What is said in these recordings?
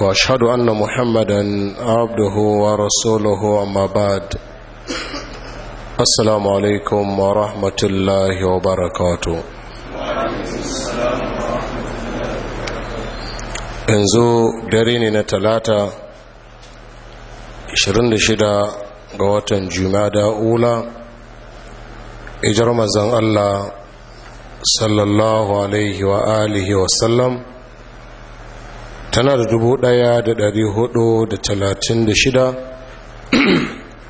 واشهد ان محمدا عبده ورسوله اما بعد السلام عليكم ورحمه الله وبركاته yanzu dare ne na talata 26 ga watan jumada ula ijar mazan allah sallallahu alaihi wa alihi wasallam tana da dubu ɗaya da dari hudu da talatin da shida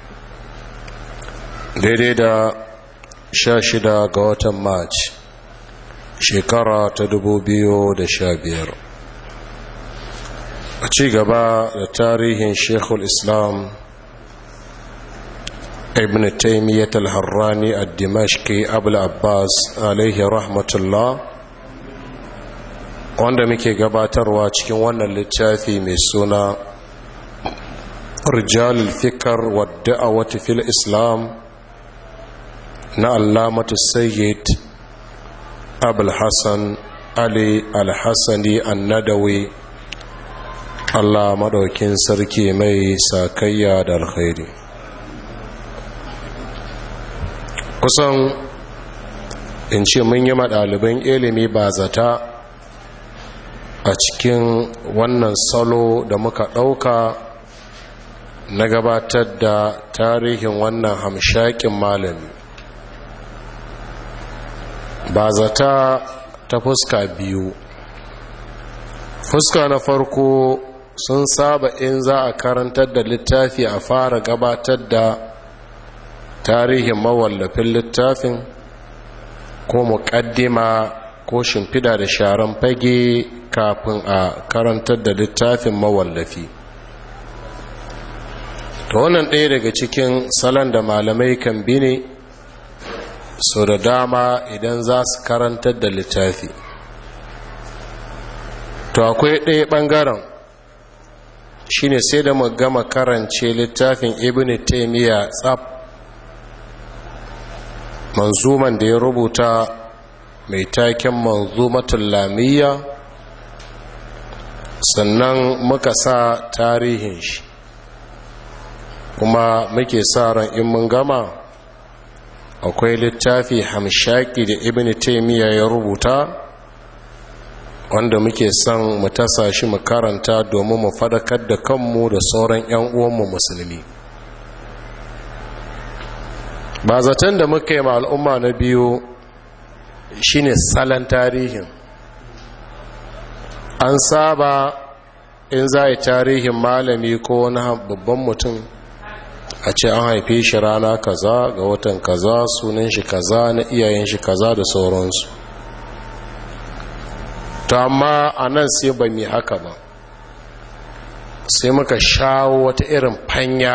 daidai da sha shida ga watan march shekara ta dubu biyu da sha biyar a ci gaba da tarihin shekul islam ibn taimiyyat al-harrani al-dimashki abul abbas alaihi rahmatullah wanda muke gabatarwa cikin wannan littafi mai suna rijalul fikar wadda a fil islam na allamatu sayyid Abulhassan ali alhassani annadawi allah maɗaukin sarki mai sakayya da alkhairi kusan in ce mun yi maɗaliban ilimi ba zata a cikin wannan salo da muka ɗauka na gabatar da tarihin wannan hamshakin malami ba zata ta fuska biyu fuska na farko sun saba in za a karantar da littafi a fara gabatar da tarihin mawallafin littafin ko muƙaddima ko shimfida da sharan fage kafin a karantar da littafin mawallafi ta wannan ɗaya daga cikin salon da malamai kan bi ne su da dama idan za su karantar da littafi to akwai ɗaya ɓangaren shine sai da mu gama karance littafin ibn taimiyya tsab manzuman da ya rubuta mai taken manzumatun lamiyya sannan muka sa tarihin shi kuma muke sa ran in mun gama akwai littafi hamshaki da ibn taimiyya ya rubuta wanda muke son mu tasa shi mu karanta domin mu fadakar da kanmu da sauran 'yan uwanmu musulmi ba zaton da muka yi ma al'umma na biyu shine salon tarihin an saba in za a yi tarihin malami ko wani babban mutum a ce an haife shi rana kaza ga watan kaza sunan shi kaza na iyayen shi kaza da sauransu ta amma a nan sai ba mai haka ba sai muka shawo wata irin fanya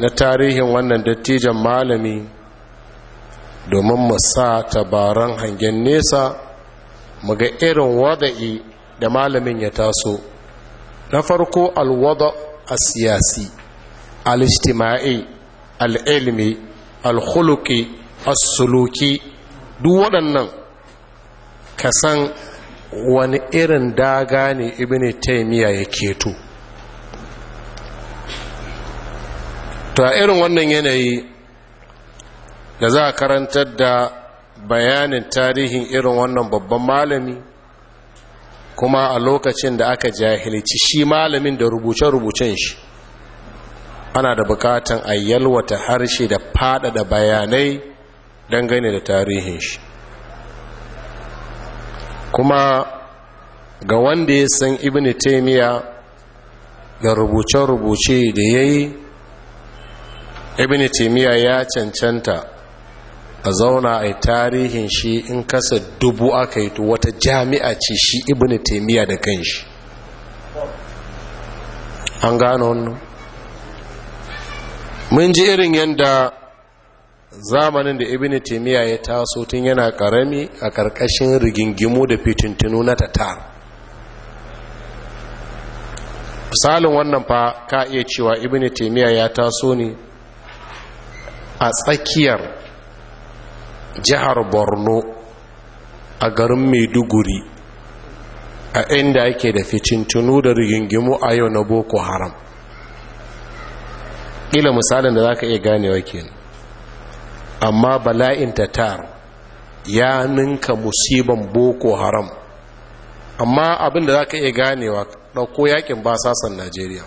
na tarihin wannan dattijan malami domin mu sa tabaran hangen nesa mu ga irin wada'i da malamin ya taso na farko alwada a siyasi alistima'i, al'ilmi, alhuluki, ilmi duk waɗannan ka san wani irin daga ne ibini taimiya ya keto ta irin wannan yanayi da za a karantar da bayanin tarihin irin wannan babban malami kuma a lokacin da aka jahilci shi malamin da rubuce-rubucen shi ana da bukatan a yalwata harshe da faɗaɗa bayanai dangane da tarihin shi kuma ga wanda ya san ibn taimiyya da rubuce-rubuce da ya yi ibn taimiyya ya cancanta a zauna a tarihin shi in kasa dubu aka yi wata jami'a ce shi ibini taimiyya da kanshi an gano wannan mun ji irin yadda zamanin da ibini taimiyya ya taso tun yana karami a karkashin rigingimu da fitintunu na tatar misalin wannan fa ka iya cewa ibini taimiyya ya taso ne a tsakiyar jihar borno a garin maiduguri a inda yake da ficintunu da rigingimu a yau na boko haram ila misalin da za ka iya ganewa kenan amma bala'in tatar ya ninka musiban boko haram amma abin da za ka iya ganewa ɗauko yakin basasan najeriya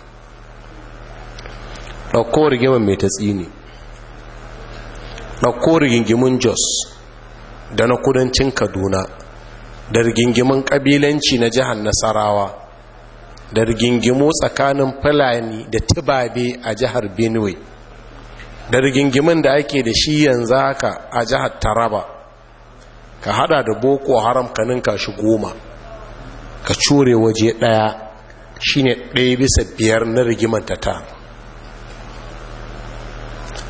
ɗauko rigimin mai tatsi ne. ɗauko rigingimin jos da na kudancin kaduna da rigingimin ƙabilanci na jihar nasarawa da rigingimu tsakanin fulani da tibabe a jihar benue da rigingimin da ake da shi yanzu haka a jihar taraba ka hada da boko haram ka ninka shi goma ka cure waje ɗaya shine ɗaya bisa biyar na rigimanta ta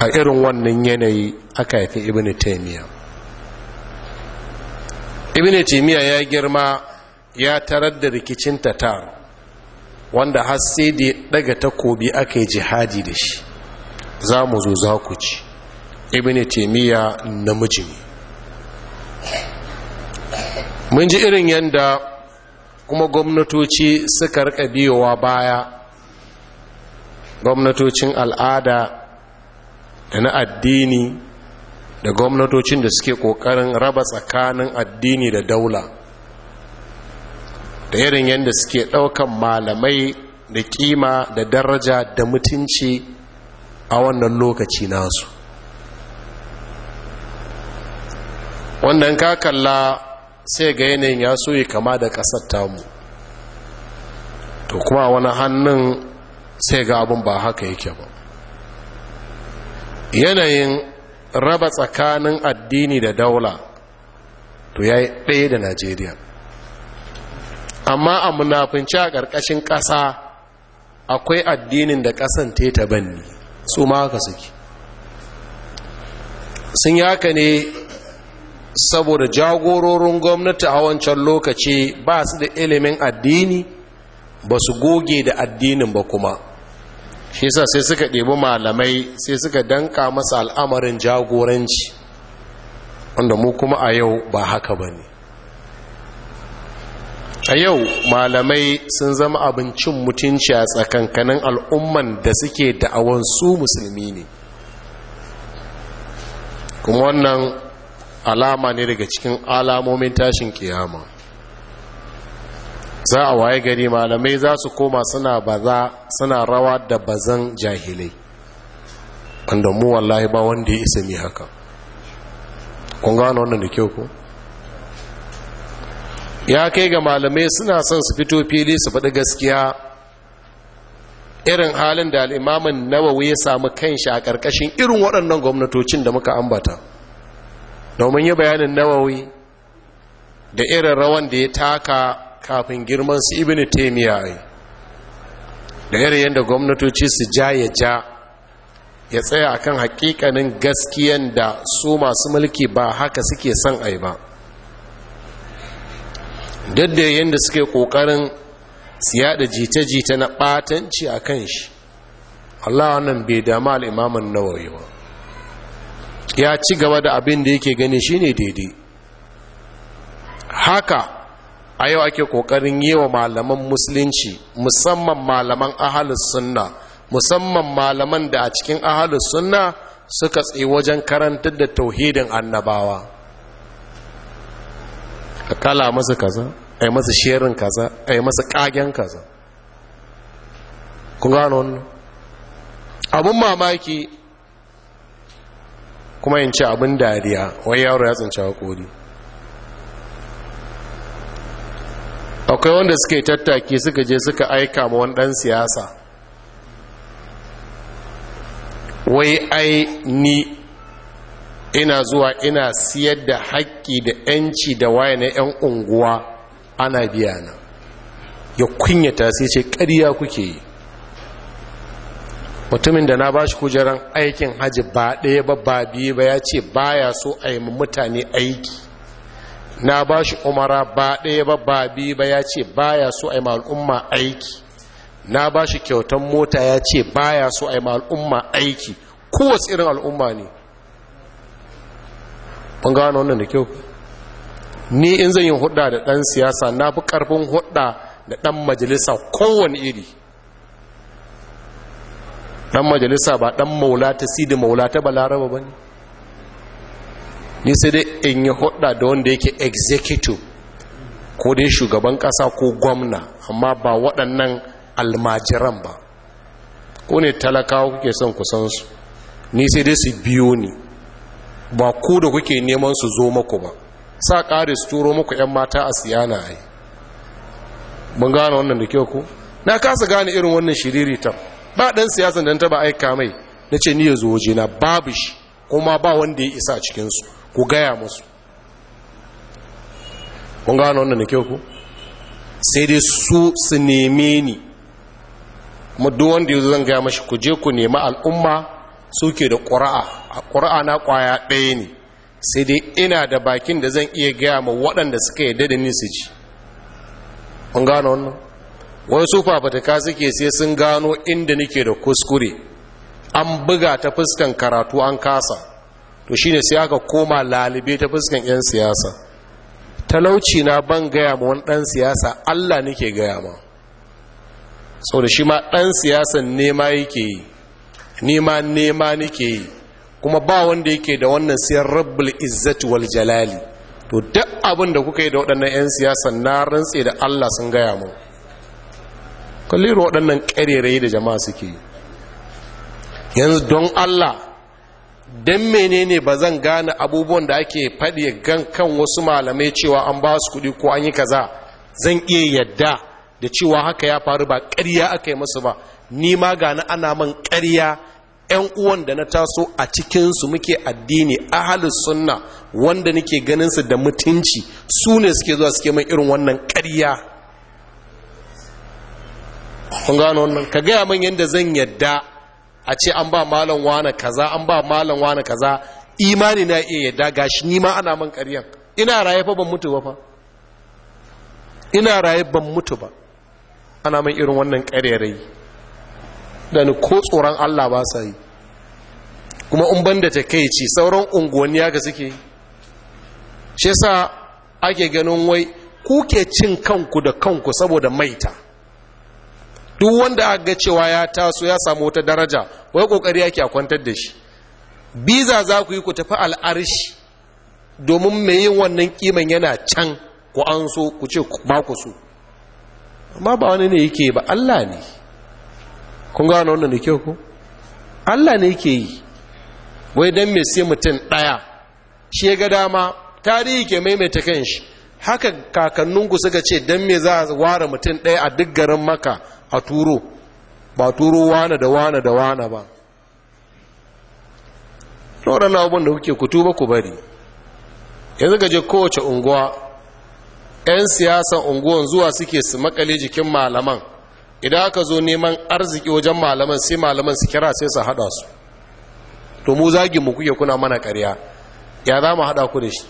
a irin wannan yanayi aka haifi ibini taimiyya ibini taimiyya ya girma ya tarar da rikicin tatar wanda har sai da daga takobi aka yi jihadi da shi za mu zo za ku ci ibini taimiyya namiji ne mun ji irin yadda kuma gwamnatoci suka rika biyowa baya gwamnatocin al'ada da na addini da gwamnatocin da suke kokarin raba tsakanin addini da daula da irin yadda suke ɗaukan malamai da kima da daraja da mutunci a wannan lokaci nasu wannan kakalla kalla sai ga yanayin ya soye kama da kasar tamu to kuma wani hannun sai ga abin ba haka yake ba yanayin raba tsakanin addini da daula to ya yi ɗaya da najeriya amma a munafinci a ƙarƙashin ƙasa akwai addinin da ƙasan teta banni su ma ka suke sun yaka ne saboda jagororin gwamnati a wancan lokaci ba su da ilimin addini ba su goge da addinin ba kuma shi yasa sai suka ɗebi malamai sai suka danka masa al'amarin jagoranci wanda mu kuma a yau ba haka ba ne a yau malamai sun zama abincin mutunci a tsakankanin al'umman da suke da'awan su musulmi ne kuma wannan alama ne daga cikin alamomin tashin kiyama za a waye gari malamai za su koma suna baza suna rawa da bazan jahilai wanda mu wallahi ba wanda ya isa mi haka kun gano wannan da kyau ko ya kai ga malamai suna son su fito fili su faɗi gaskiya irin halin da al'imamin nawawi ya samu kanshi a ƙarƙashin irin waɗannan gwamnatocin da muka ambata domin yi bayanin nawawi da irin rawan da ya taka kafin girman su ibini taimiyya ai da yare da gwamnatoci su ja ya ja ya tsaya akan hakikanin gaskiyan da su masu mulki ba haka suke son ai ba duk da yadda suke kokarin su yada jita-jita na batanci a kan shi Allah wannan bai dama al'imaman nawayi ba ya ci gaba da abin da yake gani shine daidai haka a yau ake kokarin yi wa malaman musulunci musamman malaman ahalus sunna musamman malaman da a cikin ahalus sunna suka tsaye wajen karantar da tauhidin annabawa a kala masu kaza a yi masu sherin kaza a yi masu kagen kaza kun gano wannan abin mamaki kuma in ci abin dariya wai yaro ya tsinci hakori akwai wanda suka yi tattaki suka je suka aika ma wani ɗan siyasa wai ai ni ina zuwa ina siyar da haƙƙi da 'yanci da waye na 'yan unguwa ana biya na ya kunyata sai ce ƙariya kuke yi mutumin da na ba shi kujeran aikin hajji ba ɗaya ba ba biyu ba ya ce baya so a yi mutane aiki na ba shi umara ba ɗaya ba ba biyu ba ya ce ba ya so a yi al'umma aiki na ba shi kyautan mota ya ce ba ya so a yi al'umma aiki kowace irin al'umma ne ban gano wannan da kyau ni in zan yi hudda da ɗan siyasa na fi ƙarfin hudda da ɗan majalisa kowane iri ɗan majalisa ba ɗan maula ta da maula ta laraba ba ne ni sai dai in yi hudda da wanda yake executive ko dai shugaban kasa ko gwamna amma ba waɗannan almajiran ba ko ne talakawa kuke son kusansu ni sai dai su biyo ni ba ku da kuke neman su zo maku ba sa ƙari su turo muku 'yan mata a siyana ai mun gane wannan da kyau ku na kasa gane irin wannan ta ba ɗan siyasan da ta ba aika mai na ce ni ya zo na babu shi kuma ba wanda ya isa a cikinsu ku gaya musu kun gano wannan da kyau ku sai dai su su neme ni kuma duk wanda yanzu zan gaya mashi ku je ku nemi al'umma suke da ƙura'a a ƙura'a na ƙwaya ɗaya ne sai dai ina da bakin da zan iya gaya ma waɗanda suka yarda da ni su ji kun gano wannan wani su fafataka suke sai sun gano inda nake da kuskure an buga ta fuskan karatu an kasa to shine sai aka koma lalibe ta fuskan 'yan siyasa talauci na ban gaya ma wani dan siyasa allah nake gaya ma sau da shi ma dan siyasan nema yake yi nema nema nake yi kuma ba wanda yake da wannan siyar rabbul izzati wal jalali to duk abin da kuka yi da waɗannan 'yan siyasa na rantse da allah sun gaya mu kalliru waɗannan ƙarerayi da jama'a suke yi yanzu don allah don menene ba zan gane abubuwan da ake faɗi gan kan wasu malamai cewa an ba su kuɗi ko an yi kaza zan iya yadda da cewa haka ya faru ba karya aka yi masu ba ni ma gani ana man karya. 'yan uwan da na taso a cikinsu muke addini ahalus sunna wanda nake ganinsu da mutunci su ne suke zuwa suke mai irin wannan ƙarya kun gano wannan ka gaya min yadda zan yadda a ce an ba malon wane kaza an ba malon wane kaza imani na iya yadda gashi ni ma ana man ƙaryan ina raye fa ban mutu ba fa ina raye ban mutu ba ana man irin wannan ƙarerai da ni ko tsoron Allah ba sa yi kuma in banda ta kai ci sauran unguwanni haka suke shi yasa ake ganin wai kuke cin kanku da kanku saboda maita duk wanda aka ga cewa ya taso ya samu wata daraja wai kokari yake a kwantar da shi biza za ku yi ku tafi al'arshi domin mai yin wannan kiman yana can ku an so ku ce ba ku so amma ba wani ne yake ba Allah ne kun gano wannan ne kyau ko Allah ne yake yi wai dan me sai mutum daya shi ga dama tarihi ke maimaita kan shi. haka kakanninku suka ce dan me za a ware mutum daya a duk garin maka a turo ba turo wane da wane da wane ba waɗannan abin da kuke kutu ba ku bari yanzu gaje kowace unguwa 'yan siyasan unguwan zuwa suke su makale jikin malaman idan aka zo neman arziki wajen malaman sai malaman su kira sai su hada su to mu zagi kuke kuna mana karya ya za mu hada ku da shi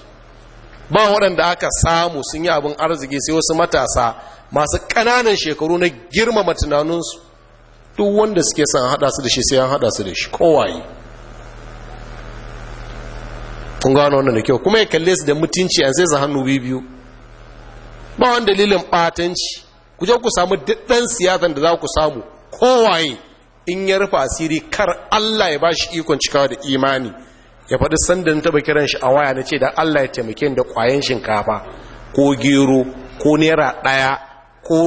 ba waɗanda aka samu sun yi abin arziki sai wasu matasa masu ƙananan shekaru na girmama tunaninsu duk wanda suke son haɗa su da shi sai an haɗa su da shi kowaye kun gano wannan da kyau kuma ya kalle su da mutunci an sai su hannu biyu ba wani dalilin batanci. ku je ku samu duk siyasan da za ku samu kowaye in ya rufe asiri kar Allah ya ba shi ikon cikawa da imani ya faɗi sanda na taɓa kiran shi a waya na ce da Allah ya taimake da ƙwayen shinkafa ko gero ko naira ɗaya ko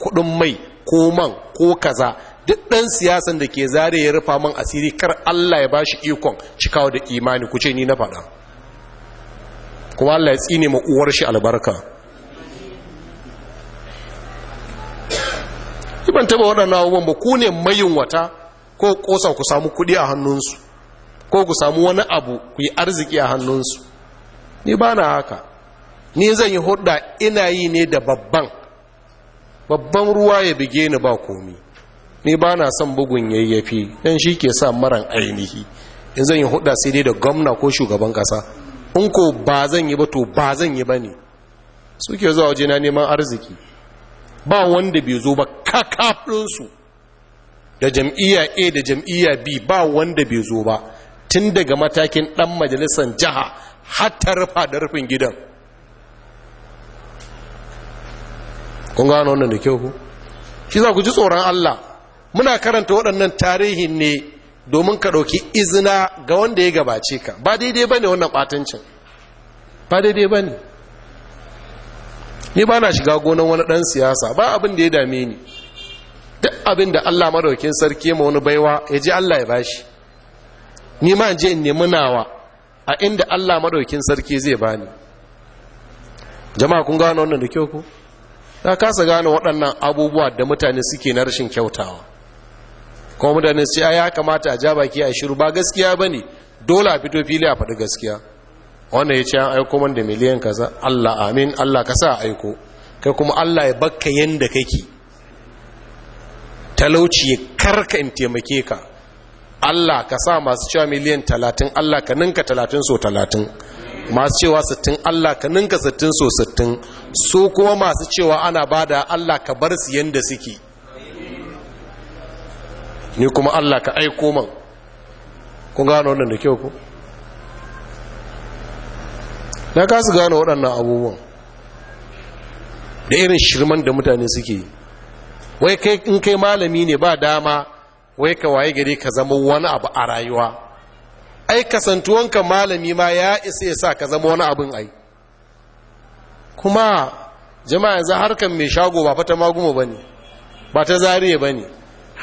kudin mai ko man ko kaza duk dan siyasan da ke zare ya rufa man asiri kar Allah ya ba shi ikon cikawa da imani ku ce ni na faɗa kuma Allah ya tsine ma uwar shi albarka iban taba waɗannan abubuwan ba ku ne wata ko kosa ku samu kuɗi a hannunsu ko ku samu wani abu ku yi arziki a hannunsu ni ba na haka ni zan yi hudda ina yi ne da babban babban ruwa ya bige ni ba komi ni ba na son bugun yayyafi dan shi ke sa maran ainihi in zan yi huda sai dai da gwamna ko shugaban kasa in ko ba zan yi ba to ba zan yi ba ne suke zuwa waje na neman arziki ba wanda bai zo ba kakafinsu da jam'iyya a da jam'iyya b ba wanda bai zo ba tun daga matakin dan majalisar jiha har ta rufa da rufin gidan kun gano wannan da kyau ku shi za ku ji tsoron Allah muna karanta waɗannan tarihin ne domin ka ɗauki izina ga wanda ya gabace ka ba daidai ba ne wannan ɓatancin ba daidai ba ne ni ba na shiga gonan wani ɗan siyasa ba abin da ya dame ni duk abin da Allah maɗaukin sarki ma wani baiwa ya ji Allah ya bashi ni ma je in nemi nawa a inda Allah maɗaukin sarki zai bani jama'a kun gano wannan da kyau ku za kasa gane waɗannan abubuwa da mutane suke na rashin kyautawa kuma mutane su ya kamata a ja baki a shiru ba gaskiya ba ne dole a fito fili a faɗi gaskiya wanda ya ce an aiko man da miliyan kaza allah amin allah ka sa aiko kai kuma allah ya bakka yanda kake talauci ya karka in taimake ka allah ka sa masu cewa miliyan talatin allah ka ninka talatin so talatin masu cewa sittin Allah ka ninka sittin so sittin su kuma masu cewa ana bada Allah ka bar su yadda suke ni kuma Allah ka aiko man kun gano wannan da kyau ku na kasu gano waɗannan abubuwan da irin shirman da mutane suke yi wai kai in kai malami ne ba dama wai ka waye gari ka zama wani abu a rayuwa ai kasantuwanka malami ma ya isa ya sa ka zama wani abin ai kuma jama'a yanzu harkar mai shago ba fata magumo ba ne ba ta zariya ba ne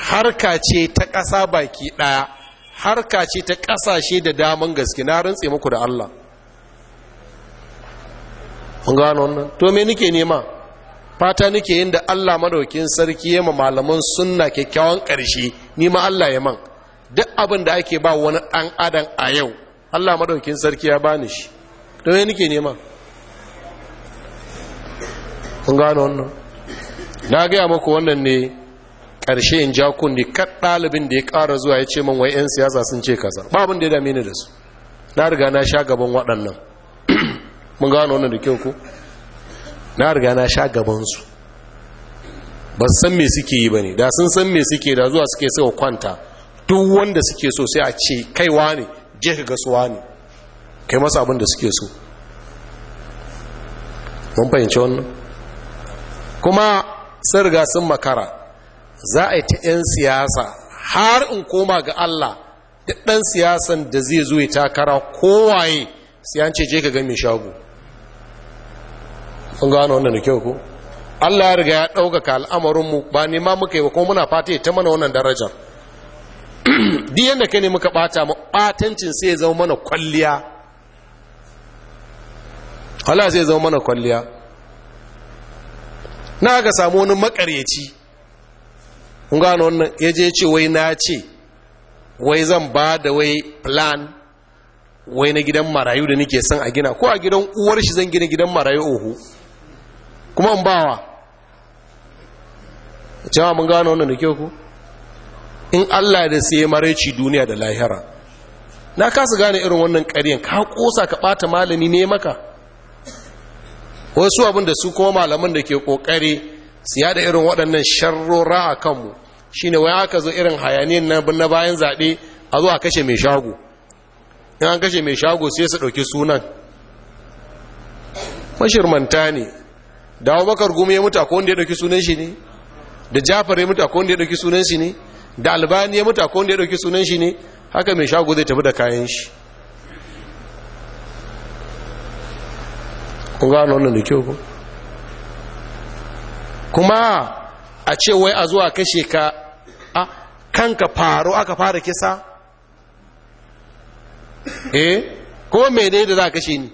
harka ce ta ƙasa baki ɗaya harka ce ta ƙasashe da daman gaske na rantse muku da allah mun gano wannan to me nake nema fata nake yin da Allah madaukin sarki ma malaman sunna kyakkyawan ƙarshe ni ma Allah ya man duk abin da ake ba wani ɗan adam a yau allah maɗaukin sarki ya bani shi don yi nike nema kun gano wannan na gaya maku wannan ne ƙarshe in ja kundi kan ɗalibin da ya ƙara zuwa ya ce min wai 'yan siyasa sun ce kasa ba abin da ya dame ni da su na riga na sha gaban waɗannan mun gano wannan da kyau ko na riga na sha gabansu ba san me suke yi ba ne da sun san me suke da zuwa suke wa kwanta duk wanda suke so sai a ce kaiwa ne je ka gasuwa ne kai masa abin da suke so mun fahimci wannan kuma sun riga sun makara za a yi ta 'yan siyasa har in koma ga allah duk ɗan siyasan da zai zo ya takara kowaye ce je ka gami shago sun gano wannan da kyau ko allah ya riga ya ɗaukaka al'amarinmu ba nema muka yi ba kuma muna fata ya ta mana wannan darajar duk yadda ka ne muka bata mu batancin sai ya zama mana kwalliya hala sai ya zama mana kwalliya na ga samu wani makaryaci kun gano wannan ya je ce wai na ce wai zan ba da wai plan wai na gidan marayu da nake son a gina ko a gidan uwar shi zan gina gidan marayu ohu kuma in bawa cewa mun gano wannan da kyau ku in Allah da sai maraici duniya da lahira na kasa gane irin wannan ƙaryan ka kosa ka ɓata malami ne maka wasu abin da su kuma malaman da ke ƙoƙari su yada irin waɗannan sharrora a kanmu shi ne wai aka zo irin hayaniyan na bayan zaɓe a zo a kashe mai shago in an kashe mai shago sai su ɗauki sunan mashirmanta ne da Abubakar gumi ya mutu akwai wanda ya ɗauki sunan shi ne da jafar ya mutu akwai wanda ya ɗauki sunan shi ne da albani ya mutu a wanda ya dauki sunan shi ne haka mai shago zai tafi da kayan shi kun wannan da kyau kuma a ce wai a zuwa kashe ka a kanka faru aka fara kisa eh ko menai da za a kashe ni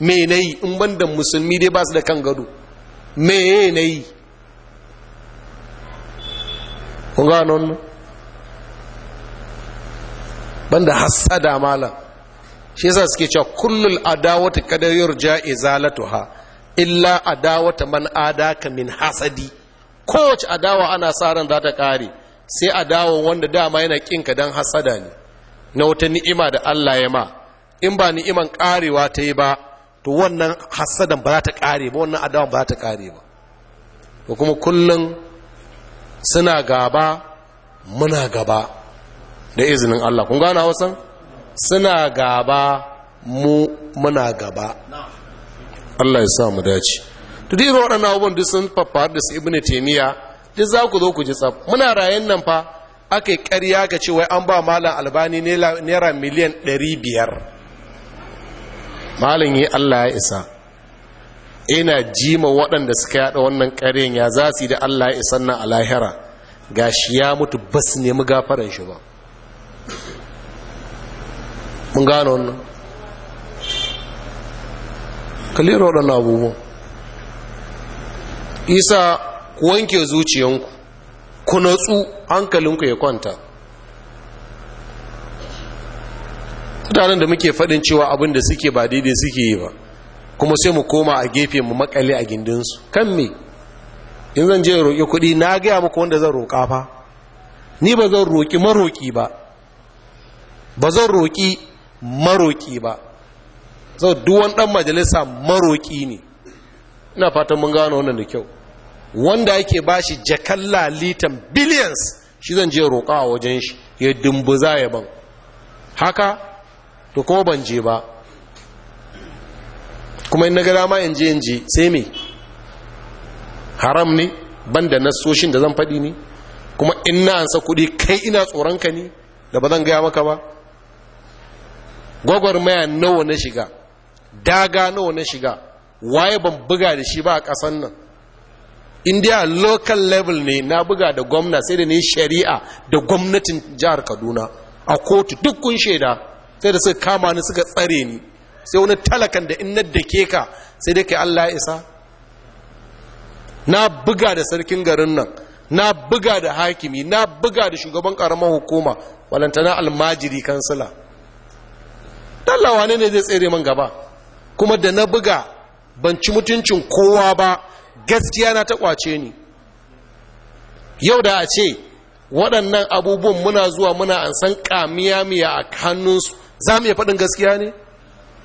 menai in banda musulmi dai ba su da kan gado menai yi kun gano wannan banda hassada malam shi yasa suke cewa kullul adawatu kadar yurja izalatuha illa adawata man adaka min hasadi kowace adawa ana sa ran za ta kare sai adawa wanda dama yana kinka dan hasada ne na wata ni'ima da Allah ya ma in ba ni'iman karewa ta yi ba to wannan hasadan ba za ta kare ba wannan adawa ba za ta kare ba to kuma kullum suna gaba muna gaba da izinin Allah kun gana wasan suna gaba mu muna gaba Allah ya sa mu dace to dai waɗannan abubuwan duk sun faffar da su ibnu taymiya duk za ku zo ku ji tsaf muna rayan nan fa aka ƙarya ga cewa an ba malam albani naira miliyan 500 malam yi Allah ya isa ina jima waɗanda suka yada wannan ƙarin ya za su yi da Allah ya isan nan a lahira ga shi ya mutu ba su nemi gafaran shi ba mun gano wannan kalira waɗannan abubuwan isa ku wanke zuciyanku ku natsu hankalinku ya kwanta mutanen da muke faɗin cewa abin da suke ba daidai suke yi ba kuma sai mu koma a gefe mu makale a gindinsu kan me in zan je roƙi kuɗi na gaya muku wanda zan roƙa fa ni ba zan roƙi maroƙi ba ba zan roƙi maroƙi ba zan duwan ɗan majalisa maroƙi ne ina fatan mun gano wannan da kyau wanda yake ba shi jakalla litan billions shi zan je roƙa a wajen shi ya za ya ban haka to kuma ban je ba kuma in na ga dama yanje yanje sai me haram ne da nasoshin da zan faɗi ne kuma in na ansa kuɗi kai ina tsoron ka ne da ba zan gaya maka ba gwagwarmaya nawa na shiga daga nawa na shiga waye ban buga da shi ba a ƙasan nan india local level ne na buga da gwamna sai da ne shari'a da gwamnatin jihar kaduna a kotu duk kun shaida sai da suka kama ni suka tsare ni sai wani talakan da inar da ke ka sai dai kai Allah ya isa na buga da sarkin garin nan na buga da hakimi na buga da shugaban karamar hukuma walantana almajiri kansila dallawa ne ne zai tsere man gaba kuma da na buga ban ci mutuncin kowa ba gaskiya na ta kwace ni yau da a ce waɗannan abubuwan muna zuwa muna an san kamiya miya a hannunsu za mu iya faɗin gaskiya ne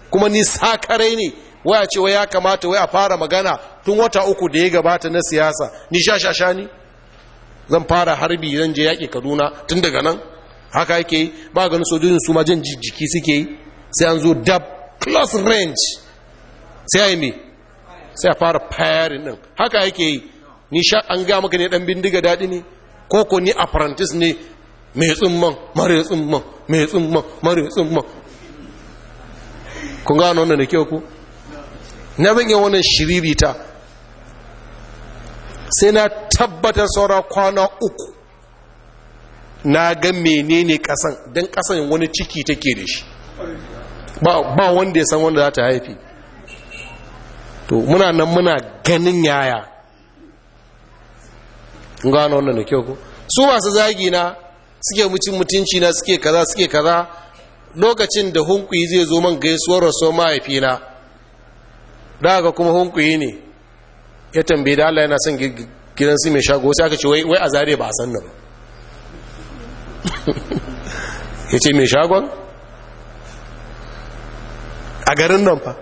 kuma ni sakarai ne waya ce wai ya kamata wai a fara magana tun wata uku da ya gabata na siyasa ni sha sha sha ni zan fara harbi zan je yaƙi kaduna tun daga nan haka yake yi ba ganin sojojin su ma jan jijjiki suke yi sai an zo dab close range sai a yi sai a fara firing din haka yake yi ni sha an ga maka ne dan bindiga daɗi ne Koko ni apprentice ne mai tsumman mare tsumman mai tsumman mare tsumman kun gano wannan da kyau ku na zan yi wannan shiririta sai na tabbatar saura kwana uku na ga menene kasan don kasan wani ciki take da shi ba wanda ya san wanda za ta haifi to muna nan muna ganin yaya gano wannan da kyau ku su masu zagi na suke mutum mutunci na suke kaza suke kaza lokacin da hunkuyi zai zo man gaisuwar rasuwar mahaifina da ga kuma hunkuyi ne ya tambaye da Allah yana son gidan su mai shago sai aka ce wai a zare ba a san ba ya ce mai shagon a garin nan fa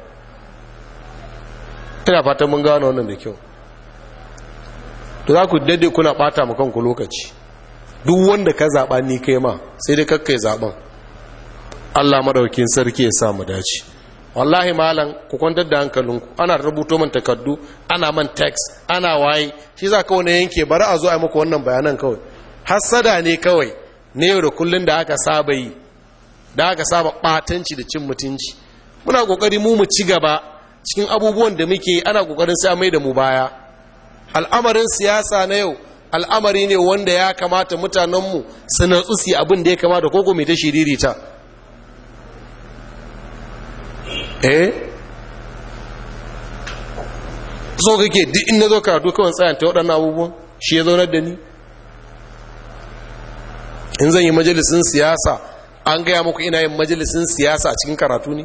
ina fatan mun gano wannan da kyau to za ku dade kuna bata kanku lokaci duk wanda ka zaɓa ni kai ma sai dai kakkai zaɓen Allah madaukin sarki ya sa mu dace wallahi malam ku kwantar da hankalinku ana rubuto man takardu ana man text ana waye shi za ka wani yanke bari a zo a muku wannan bayanan kawai hassada ne kawai ne yau da kullun da aka saba yi da aka saba batanci da cin mutunci muna kokari mu mu ci gaba cikin abubuwan da muke ana kokarin sai mai da mu baya al'amarin siyasa na yau al'amari ne wanda ya kamata mutanenmu su natsu su abin da ya kamata ko ko mai ta shiririta eh so kake duk in na zo karatu kawai tsayan ta waɗannan abubuwan shi ya zaunar da ni in zan yi majalisin siyasa an gaya muku ina yin majalisin siyasa a cikin karatu ne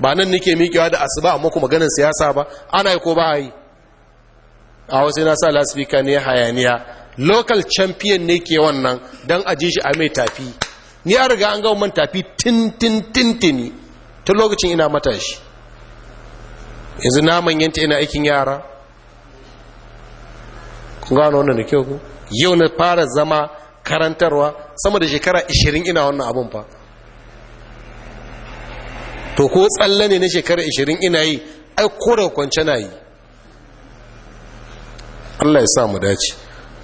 ba nan nake miƙewa da asuba amma kuma ganin siyasa ba ana yi ko ba yi a wasu na sa lasifika ne hayaniya local champion ne ke wannan don ji shi a mai tafi ni a riga an gawo man tafi tintin tintini tun lokacin ina matashi yanzu na yanta ina aikin yara kun gano wannan da kyau ku yau na fara zama karantarwa sama da shekara 20 ina wannan abun fa to ko tsalle ne na shekara 20 ina yi ai kore kwance na yi Allah ya sa mu dace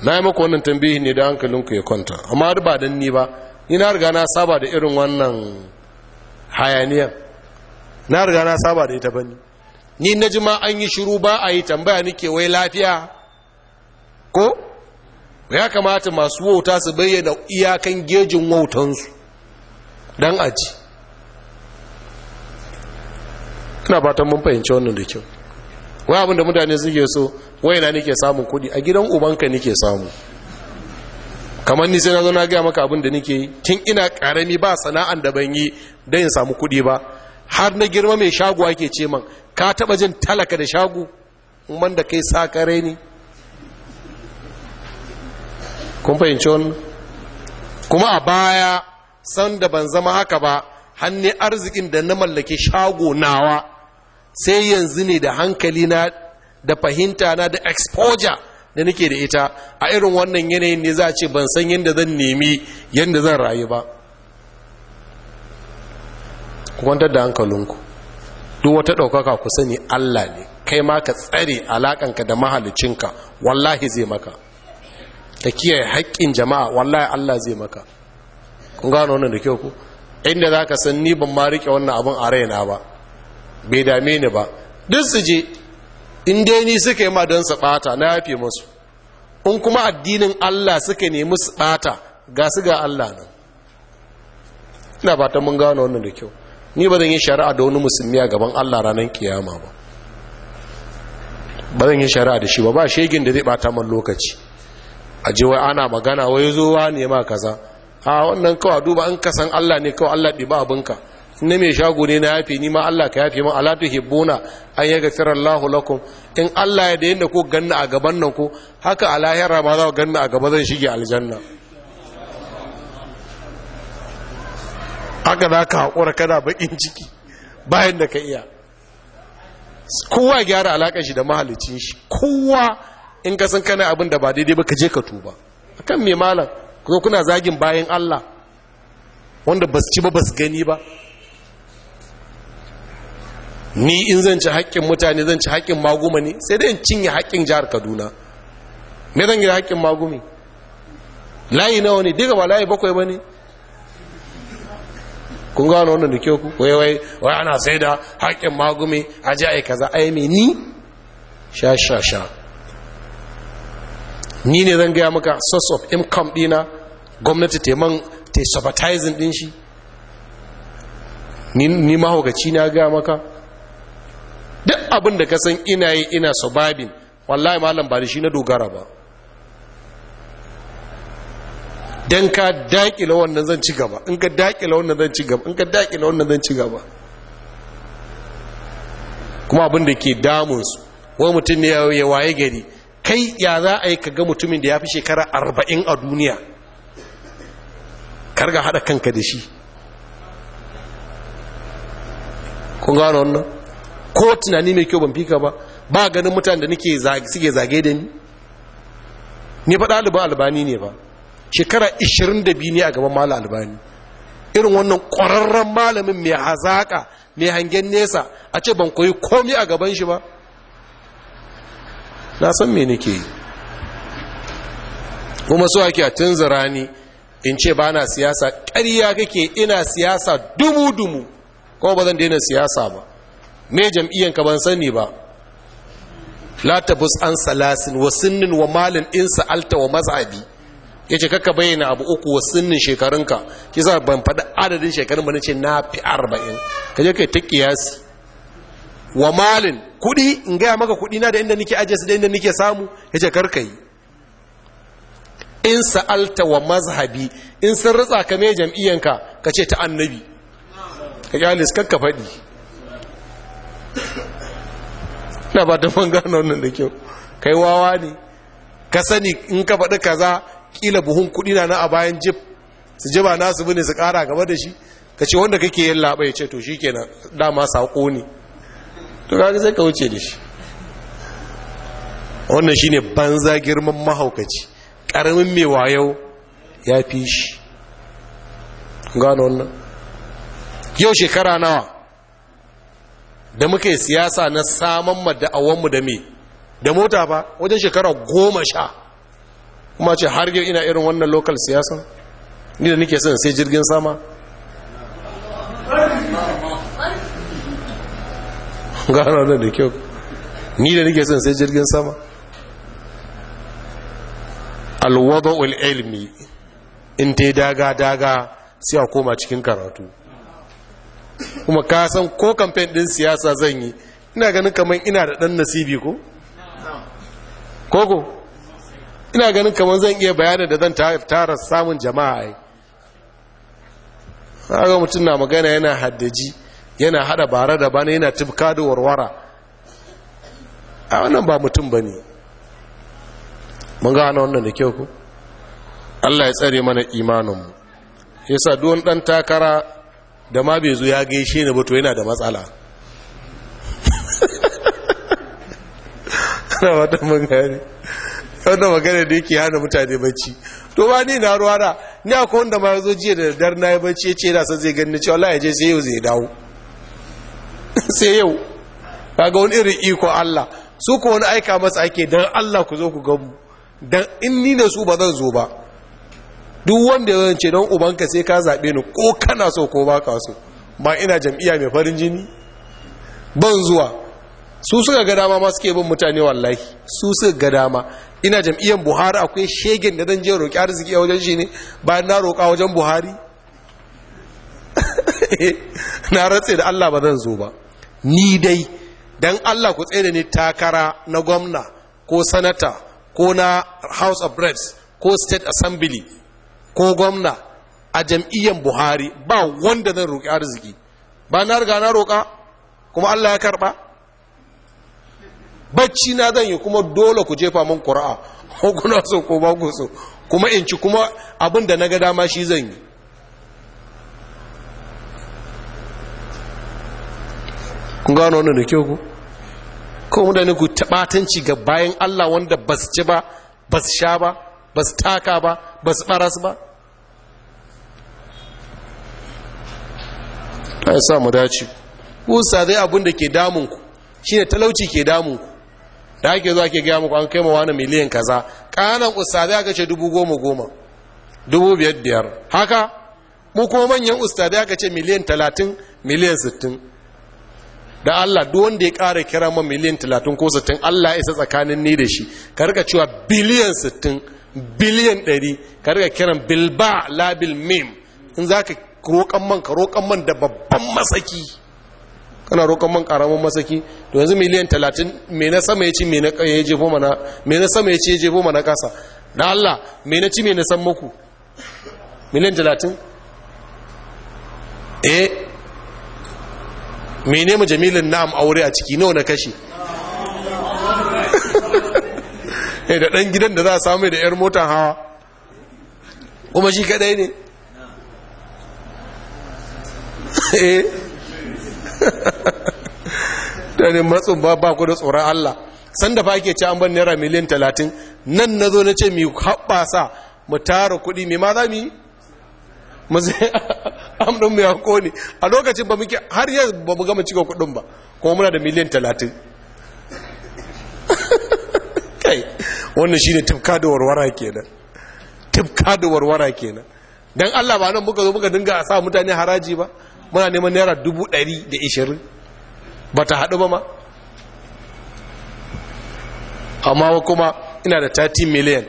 na yi maka wannan tambihi ne da hankalinku ya kwanta amma ba dan ni ba ni na riga na saba da irin wannan hayaniyan na riga na saba da ita bane ni na ji ma an yi shiru ba a yi tambaya nake wai lafiya ko ya kamata masu wauta su bayyana iyakan gejin wautansu don aji ina fatan mun fahimci wannan da kyau wai abinda mutane suke so wai na nake samun kudi a gidan ubanka nake samu kamar ni sai na zo na gaya maka abin da nake yi tun ina karami ba sana'an da ban yi don in samu kudi ba har na girma mai shago ake ce man ka taba jin talaka da shago man da kai sakare ne kun fahimci wannan kuma a baya sanda ban zama haka ba hannun arzikin da na mallake shago nawa sai yanzu ne da hankali na da fahimta na da exposure da nake da ita a irin wannan yanayin ne za a ce ban san yadda zan nemi yadda zan rayu ba ku kwantar da hankalinku duk wata ɗaukaka ku sani Allah ne kai ma ka tsare alakanka da mahalicinka wallahi zai maka ka kiyaye haƙƙin jama'a wallahi Allah zai maka kun gano wannan da kyau ku inda za ka san ni ban ma riƙe wannan abin a raina ba bai dame ni ba duk su je in dai ni suka yi ma don su ɓata na yafe musu in kuma addinin Allah suka nemi su ɓata ga su ga Allah nan ina ba ta mun gano wannan da kyau ni ba zan yi shari'a da wani musulmi a gaban Allah ranar kiyama ba ba zan yi shari'a da shi ba ba shegin da zai bata man lokaci a ji ana magana wai wa ne ma kaza a wannan kawai duba an kasan Allah ne kawai Allah ɗiba abinka na mai shago ne na yafe ni ma Allah ka yafe ma ala Hibbuna an yaga sirallahu lakum in Allah ya da yanda ko ganna a gaban nan ko haka a lahira ma za ku ganna a gaba zan shige aljanna haka za ka haƙura kana baƙin ciki bayan da ka iya kowa gyara alaƙar shi da mahalicin shi kowa in ka san kana abin da ba daidai ba ka je ka tuba kan mai malam kuma kuna zagin bayan Allah wanda ba su ci ba ba su gani ba ni in zan ci haƙƙin mutane zan ci haƙƙin maguma ne sai dai in cinye haƙƙin jihar Kaduna me zan yi haƙƙin magumi layi nawa ne diga ba layi bakwai ba ne kun gano wannan da kyau ku wai wai ana sai da haƙƙin magumi a ji ai kaza ai me ni sha sha sha ni ne zan gaya maka source of income dina gwamnati teman te subsidizing din shi ni mahaukaci na gaya maka duk abin da ka san ina yi ina subabin wallahi malam ba da shi na dogara ba don ka daƙila wannan zan ci gaba in ka daƙila wannan zan ci gaba in ka daƙila wannan zan ci gaba kuma abin da ke damun su wani mutum ne ya waye gari kai ya za a yi kaga mutumin da ya fi shekara arba'in a duniya karga haɗa kanka da shi kun gano wannan ko tunani mai kyau ban fika ba ba ganin mutane da suke zage da ni ni faɗa ɗaliban albani ne ba shekara 22 ne a gaban malam albani irin wannan ƙwararren malamin mai hazaƙa mai hangen nesa a ce ban koyi komi a gaban shi ba na san me nake yi kuma so ake a tunzura ni in ce ba na siyasa ƙarya kake ina siyasa dumu-dumu kuma ba zan daina siyasa ba me jam'iyyan ka ban sani ba la tabus an salasin wa sinnin wa malin in sa'alta wa mazhabi ya ce kakka bayyana abu uku wa sinnin shekarunka shi sa ban faɗi adadin shekarun ba na ce na fi arba'in ka je kai ta kiyasi wa malin kuɗi in gaya maka kuɗi na da inda nake ajiye su da inda nake samu ya ce karka yi in sa'alta wa mazhabi in sun ritsa ka mai jam'iyyanka ka ce ta annabi ka kyalis kakka faɗi na ba ta fanga wannan da kyau kai wawa ne ka sani in ka faɗi kaza kila buhun kudi na na a bayan jib su jiba nasu bane su kara gaba da shi ka ce wanda kake yin labai ce to shikenan dama sako ne to kaga zai ka wuce da shi wannan shine banza girman mahaukaci karamin mai wayo ya fi shi gano wannan yau shekara nawa da muke siyasa na saman da awonmu da me da mota ba wajen shekara goma sha kuma ce har yau ina irin wannan lokal siyasa ni da nike son sai jirgin sama gano nan da kyau ni da nike son sai jirgin sama alwado ilmi in te daga daga siya koma cikin karatu kuma ka san ko kamfen din siyasa zan yi ina ganin kamar ina da dan nasibi ko koko ina ganin kamar zan iya bayanin da zan tara samun jama'a ai haka mutum na magana yana haddaji yana hada bara da bane yana tufka da warwara a wannan ba mutum ba ne mun gane wannan da kyau ku allah ya tsare mana imaninmu yasa duwan dan takara da ma bai zo ya gaishe ni ba to yana da matsala wannan magana da yake hana mutane bacci to ba ni na ruwa da ni akwai wanda ma zo jiya da dar na yi bacci ya ce da san zai gani cewa Allah ya je sai yau zai dawo sai yau kaga wani irin iko Allah su ko wani aika masa ake dan Allah ku zo ku ga mu dan in ni da su ba zan zo ba duk wanda ya zance don ubanka sai ka zaɓe ni ko kana so ko ba ka so ba ina jam'iyya mai farin jini ban zuwa su suka ga dama ma suke bin mutane wallahi su suka ga dama ina jam'iyyar buhari akwai shegen da zan je roƙi arziki a wajen shi ne bayan na roƙa wajen buhari na ratse da allah ba zan zo ba ni dai don allah ku tsaye da ni takara na gwamna ko sanata ko na house of reps ko state assembly ko gwamna a jam'iyyar buhari ba wanda zan roƙi arziki ba na riga na roƙa kuma allah ya karɓa bacci na zan yi kuma dole ku jefa min ƙura'a ko kuna so ko ba ku so kuma in ci kuma abin da na ga dama shi zan yi kun gano wani da kyau ku ko ni ku tabatanci ga bayan Allah wanda ba su ci ba ba su sha ba ba su taka ba ba su su ba ta sa mu dace kusa zai abin da ke damunku shi ne talauci ke damunku da ake zuwa ke gaya muku an kai mawa na miliyan kaza kanan ustadai aka ce dubu goma goma dubu biyar biyar haka mu kuma manyan ustadai aka ce miliyan talatin miliyan sittin da Allah duk wanda ya ƙara kira ma miliyan talatin ko sittin Allah ya isa tsakanin ni da shi ka rika cewa biliyan sittin biliyan ɗari ka rika kiran bilba labil mim in za ka roƙan man ka roƙan man da babban masaki kana roƙon man ƙaramin masaki to yanzu miliyan talatin me na sama ya ci me na ya jefo mana me na sama ya ci ya jefo mana ƙasa na Allah me na ci me na san muku miliyan talatin eh mene mu jamilin na'am aure a ciki nawa na kashi eh da ɗan gidan da za a samu da 'yar mota hawa kuma shi kadai ne eh da ne matsin ba ba ku da tsoron Allah sanda ba ke ci an ban naira miliyan talatin nan na zo na ce mu haɓasa mu tara kuɗi mai ma za mu yi mu sai amɗin mu ya a lokacin ba muke har yanzu ba mu gama cika kuɗin ba kuma muna da miliyan talatin kai wannan shine tafka da warwara kenan tafka da warwara kenan dan Allah ba nan muka zo muka dinga sa mutane haraji ba muna neman naira dubu ɗari da ishirin ba ta haɗu ba ma amma kuma ina da 30 miliyan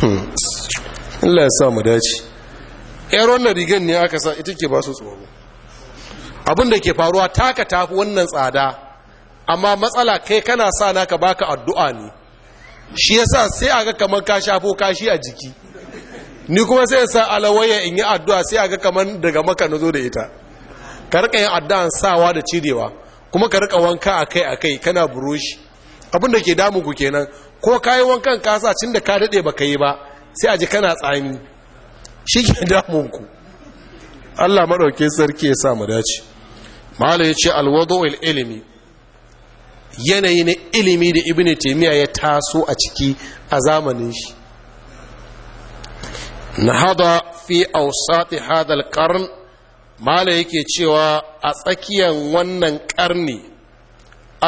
hmm. Allah ya sa mu dace yar wannan rigar ne aka sa ita ke ba su tsoro abin da ke faruwa taka tafi wannan tsada amma matsala kai kana sa naka baka addu'a ne shi yasa sai aga kamar ka shafo kashi a jiki ni kuma sai sa alawaya in yi addu'a sai a ga kamar daga maka na zo da ita ka rika yin addu'an sawa da cirewa kuma ka rika wanka akai akai kana buroshi abinda da ke damu ku kenan ko kayi wankan kasa cin da ka dade baka yi ba sai a ji kana tsami shi ke damun ku Allah madauke sarki ya sa mu dace ya yace alwadu ilimi yanayi na ilimi da ibnu taymiya ya taso a ciki a zamanin shi nahada fi ausati hadal qarn mala yake cewa a tsakiyar wannan karni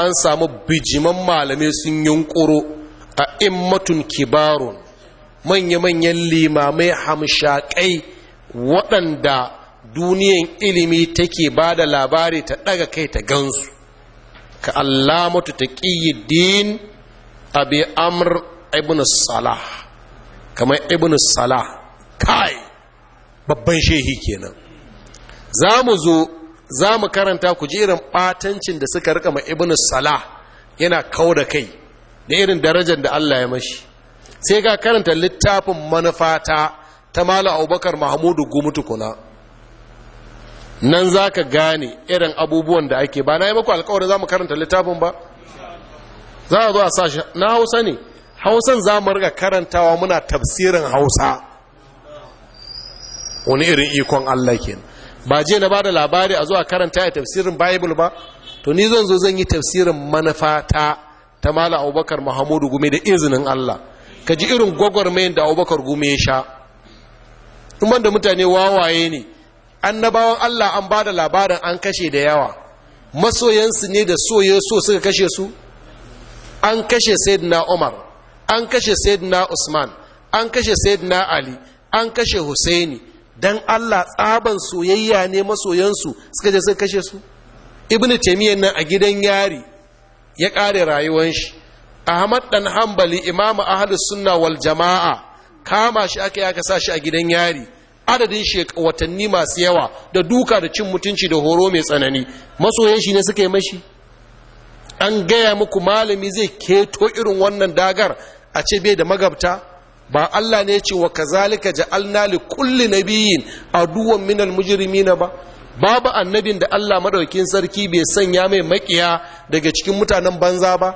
an samu bijiman malamai sun yunkuro a immatun kibarun manya-manyan limamai hamshakai waɗanda duniyan ilimi take ba da labari ta ɗaga kai ta gansu ka allamatu ta din abi amr ibn salah kamar ibn salah kai babban shehi kenan za mu zo za mu karanta ku ji irin batancin da suka rika ma ibn salah yana kau da kai da irin darajar da allah ya mashi sai ga karanta littafin manufata ta mala abubakar mahmudu gumu tukuna nan za ka gane irin abubuwan da ake ba na yi maku alkawarin za mu karanta littafin ba za a zo a sashi na hausa ne hausan za mu rika karantawa muna tafsirin hausa wani irin ikon Allah ke ba je na ba da labari a zuwa karanta ya tafsirin bible ba to ni zan zo zan yi tafsirin manufa ta ta mala abubakar mahamudu gume da izinin Allah ka ji irin gwagwarmayin da abubakar gume ya sha in banda mutane wawaye ne annabawan Allah an ba da labarin an kashe da yawa masoyansu ne da soye so suka kashe su an kashe sayyidina Umar an kashe sayyidina Usman an kashe sayyidina Ali an kashe Husaini dan Allah tsaban soyayya ne masoyansu suka je suka kashe su ibnu taymiyyah nan a gidan yari ya kare rayuwar shi ahmad dan hanbali imamu ahlus sunna wal jamaa kama shi aka yaka aka sa shi a gidan yari adadin watanni masu yawa da duka da cin mutunci da horo mai tsanani masoyan shi ne suka yi mashi an gaya muku malami zai keto irin wannan dagar a ce bai da magabta ba Allah ne ce wa kazalika ja'alna li kulli nabiyyin aduwwan minal na ba babu annabin da Allah madaukin sarki bai sanya mai makiya daga cikin mutanen banza ba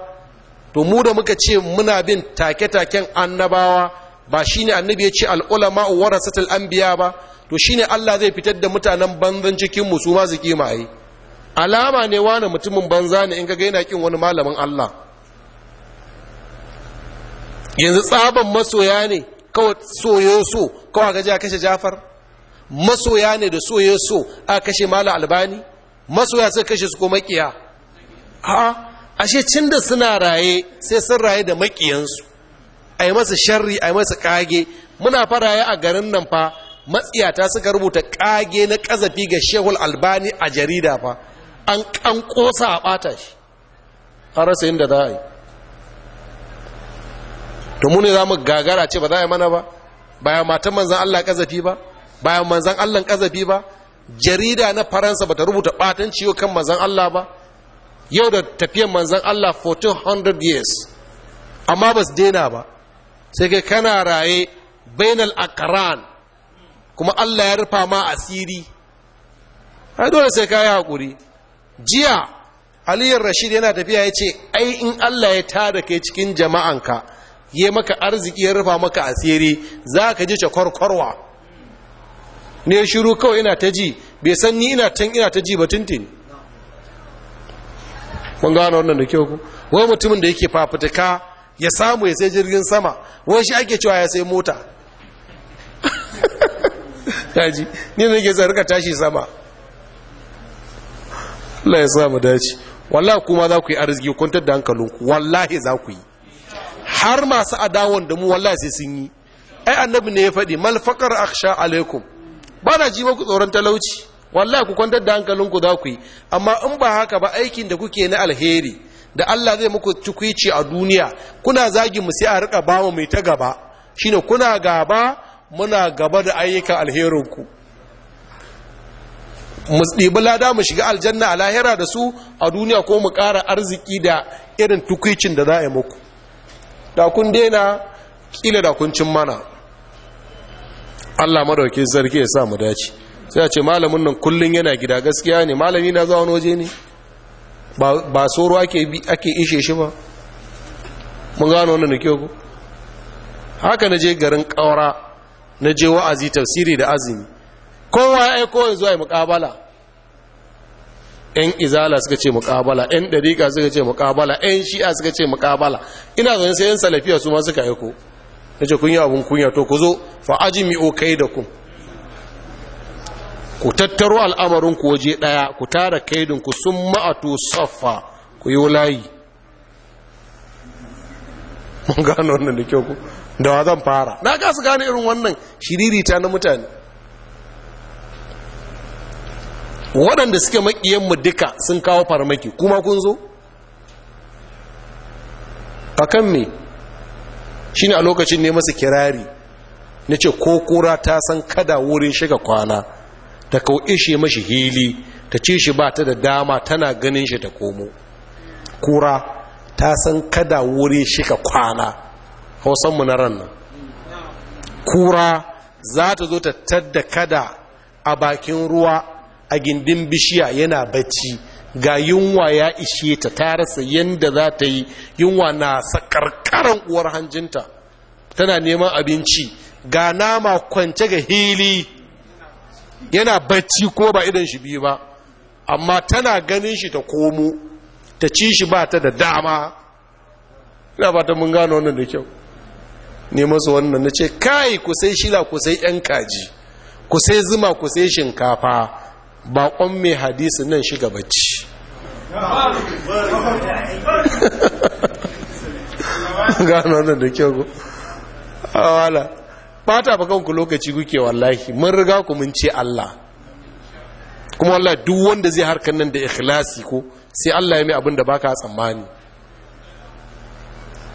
to mu da muka ce muna bin take-taken annabawa ba shine annabi ya ce al'ulama warasatul anbiya ba to shine Allah zai fitar da mutanen banzan cikin musu ma su kima alama ne wani mutumin banza ne in ga yana kin wani malamin Allah yanzu tsaban masoya ne kawai soyo so kawai gaji a kashe jafar masoya ne da soyo so a kashe mala albani masoya sai kashe su ko makiya a ashe cin da suna raye sai sun raye da makiyansu a yi masa sharri a yi masa kage muna faraye a garin nan fa matsiyata suka rubuta kage na kazafi ga shehul albani a jarida fa an kankosa kosa a bata shi har sai inda za a yi to mu ne za mu gagara ce ba za a mana ba bayan matan manzan Allah kazafi ba bayan manzan Allah kazafi ba jarida na faransa ba ta rubuta batan ciwo kan manzan Allah ba yau da tafiyan manzan Allah 1400 years amma ba su daina ba sai kai kana raye bainal akaran kuma Allah ya rufa ma asiri ai dole sai ka yi haƙuri jiya aliyar rashid yana tafiya ya ce ai in Allah ya tada kai cikin jama'anka ya maka arziki ya rufa maka asiri za ka ji cakwarkwarwa ne shiru kawai ina ta ji bai san ni ina tan ina ta ji ba tuntun kun gano wannan da kyau ku wai mutumin da yake fafutuka ya samu ya sai jirgin sama wai shi ake cewa ya sai mota kaji ni ne ke zarka tashi sama Allah ya sa mu dace wallahi kuma za ku yi arziki kwantar da hankalinku wallahi za ku yi har masu adawon da mu wallahi sai sun yi ai annabi ne ya faɗi mal faqar akhsha alaikum ba na ji muku tsoron talauci wallahi ku kwantar da hankalinku za ku yi amma in ba haka ba aikin da kuke na alheri da Allah zai muku tukwici a duniya kuna zagi mu sai a rika bawa mai ta gaba shine kuna gaba muna gaba da ayyukan alherinku mu ɗibi lada mu shiga aljanna a lahira da su a duniya ko mu ƙara arziki da irin tukwicin da za a yi muku da kun dena kila da kun cin mana Allah madauki zargi ya sa mu dace sai a ce malamin nan kullun yana gida gaskiya ne malami na zuwa waje ne ba tsoro ake ishe shi ba mun gano wannan ke ku. haka na je garin ƙaura na je wa'azi tafsiri da azumi kowa ya aiko ya zuwa mukabala yan izala suka ce mukabala yan ɗariƙa suka ce mukabala yan shi'a suka ce mukabala ina zaune sai yan salafiya su ma suka aiko ya ce kun yi abin kunya to ku zo fa o kai da ku ku tattaro al'amarin ku waje ɗaya ku tara kaidin ku sun ma'ato saffa ku yi layi mun gano wannan da kyau ku da wa zan fara na kasu gane irin wannan shiririta na mutane waɗanda suke mu duka sun kawo farmaki kuma kun zo a kan me shi a lokacin ne masu kirari na ce ko kura ta san kada wurin shiga kwana ta kawo ishe mashi hili ta ce shi ba ta da dama tana ganin shi ta komo kura ta san kada wurin shiga kwana hausanmu na ran nan kura za ta zo ta tadda kada a bakin ruwa a gindin bishiya yana bacci ga yunwa ya ishe ta ta rasa yadda za ta yi yunwa na sakarkaran uwar hanjinta tana neman abinci ga nama kwance ga hili yana bacci ko ba idan shi biyu ba amma tana ganin shi ta komo ta ci shi ba ta da dama ina ba ta mun gano wannan da kyau ne masu wannan na ce kai kusai shila kusai yan kaji ku zuma kusai shinkafa bakon mai hadisi nan shiga bacci gano nan da kyau ah, wala bata ba kanku lokaci kuke wallahi mun riga ku mun ce Allah kuma wallahi duk wanda zai harkar nan da ikhlasi ko sai Allah ya mai abin da baka tsammani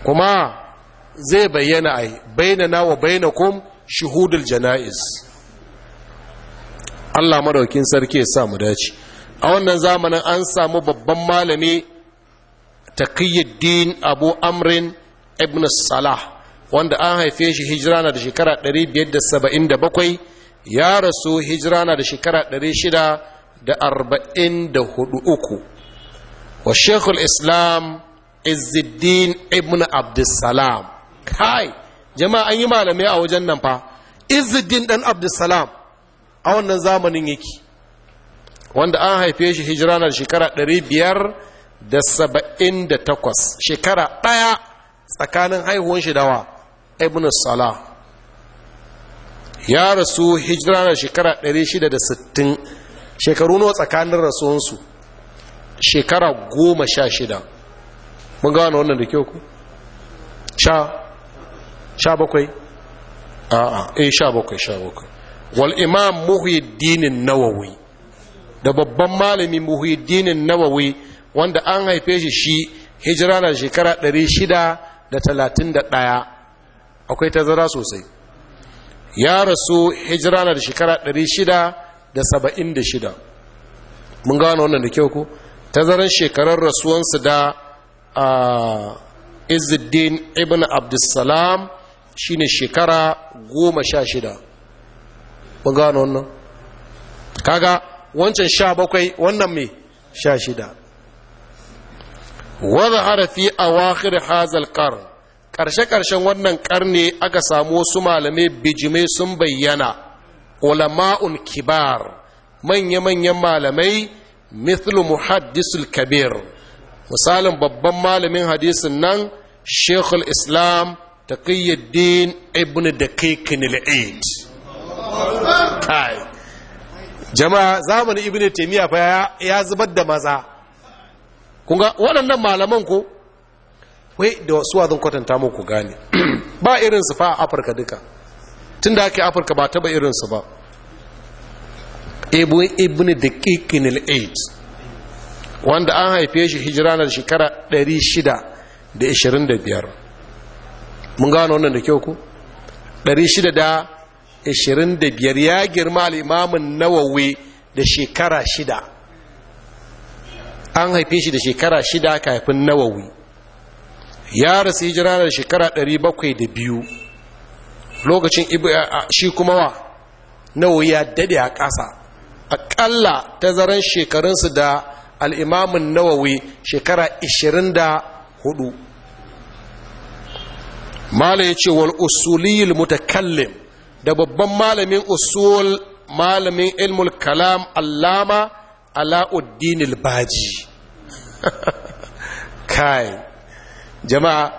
kuma zai bayyana ai bainana wa bainakum shuhudul janaiz Allah madaukin sarki ya sa mu dace a wannan zamanin an samu babban malami taqiyuddin abu amrin ibn salah wanda an haife shi hijira na da shekara 577 ya rasu hijira na da shekara 644 wa shekul islam izzuddin ibn abdussalam kai jama'a an yi malamai a wajen nan fa izzuddin dan abdussalam a wannan zamanin yake wanda an haife shi hijira na shekara 578 shekara ɗaya tsakanin haihuwan shi dawa ibn salah ya rasu hijira na shekara 660 shekaru nawa tsakanin rasuwansu shekara goma sha shida mun gano wannan da kyau ku sha sha bakwai a'a eh sha bakwai sha bakwai wal imam muhyiddin nawawi da babban malami muhyiddin nawawi wanda an haife shi shi hijira na shekara 631 akwai tazara sosai ya rasu hijira na shekara 676 mun gano wannan da kyau ko tazaran shekarar rasuwansu da izuddin ibn abdussalam shine shekara goma sha shida mun gano wannan kaga wancan sha bakwai wannan mai sha shida wadda harafi a wakil hazal kar, ƙarshe-ƙarshen wannan ƙarni aka samu wasu malamai bijimai sun bayyana ulama'un kibar manya-manyan malamai mithlu muhaddisul kabir misalin babban malamin hadisin nan shekul islam taqiyuddin ibn daqiq al kai jama'a zamanin ibn taymiya fa ya zubar da maza kun ga waɗannan malaman ko wai da wasu wazin kwatanta muku gane ba irin su fa a afirka duka tunda ake afirka ba taba su ba ibn da al 8 wanda an haife shi hijira na shekara 625 mun gano wannan da kyau ku 600 25 ya girma al'imamin nawawi da shekara shida an haife shi da shekara shida kafin nawawi ya rasu hijira da shekara 702 lokacin shi kuma wa nawawi ya dade a ƙasa aƙalla tazaran shekarunsu da al'imamin nawawi shekara 24 mala ya ce wal usuliyil mutakallim da babban malamin usul malamin ilmul kalam allama ala'uddin baji kai jama'a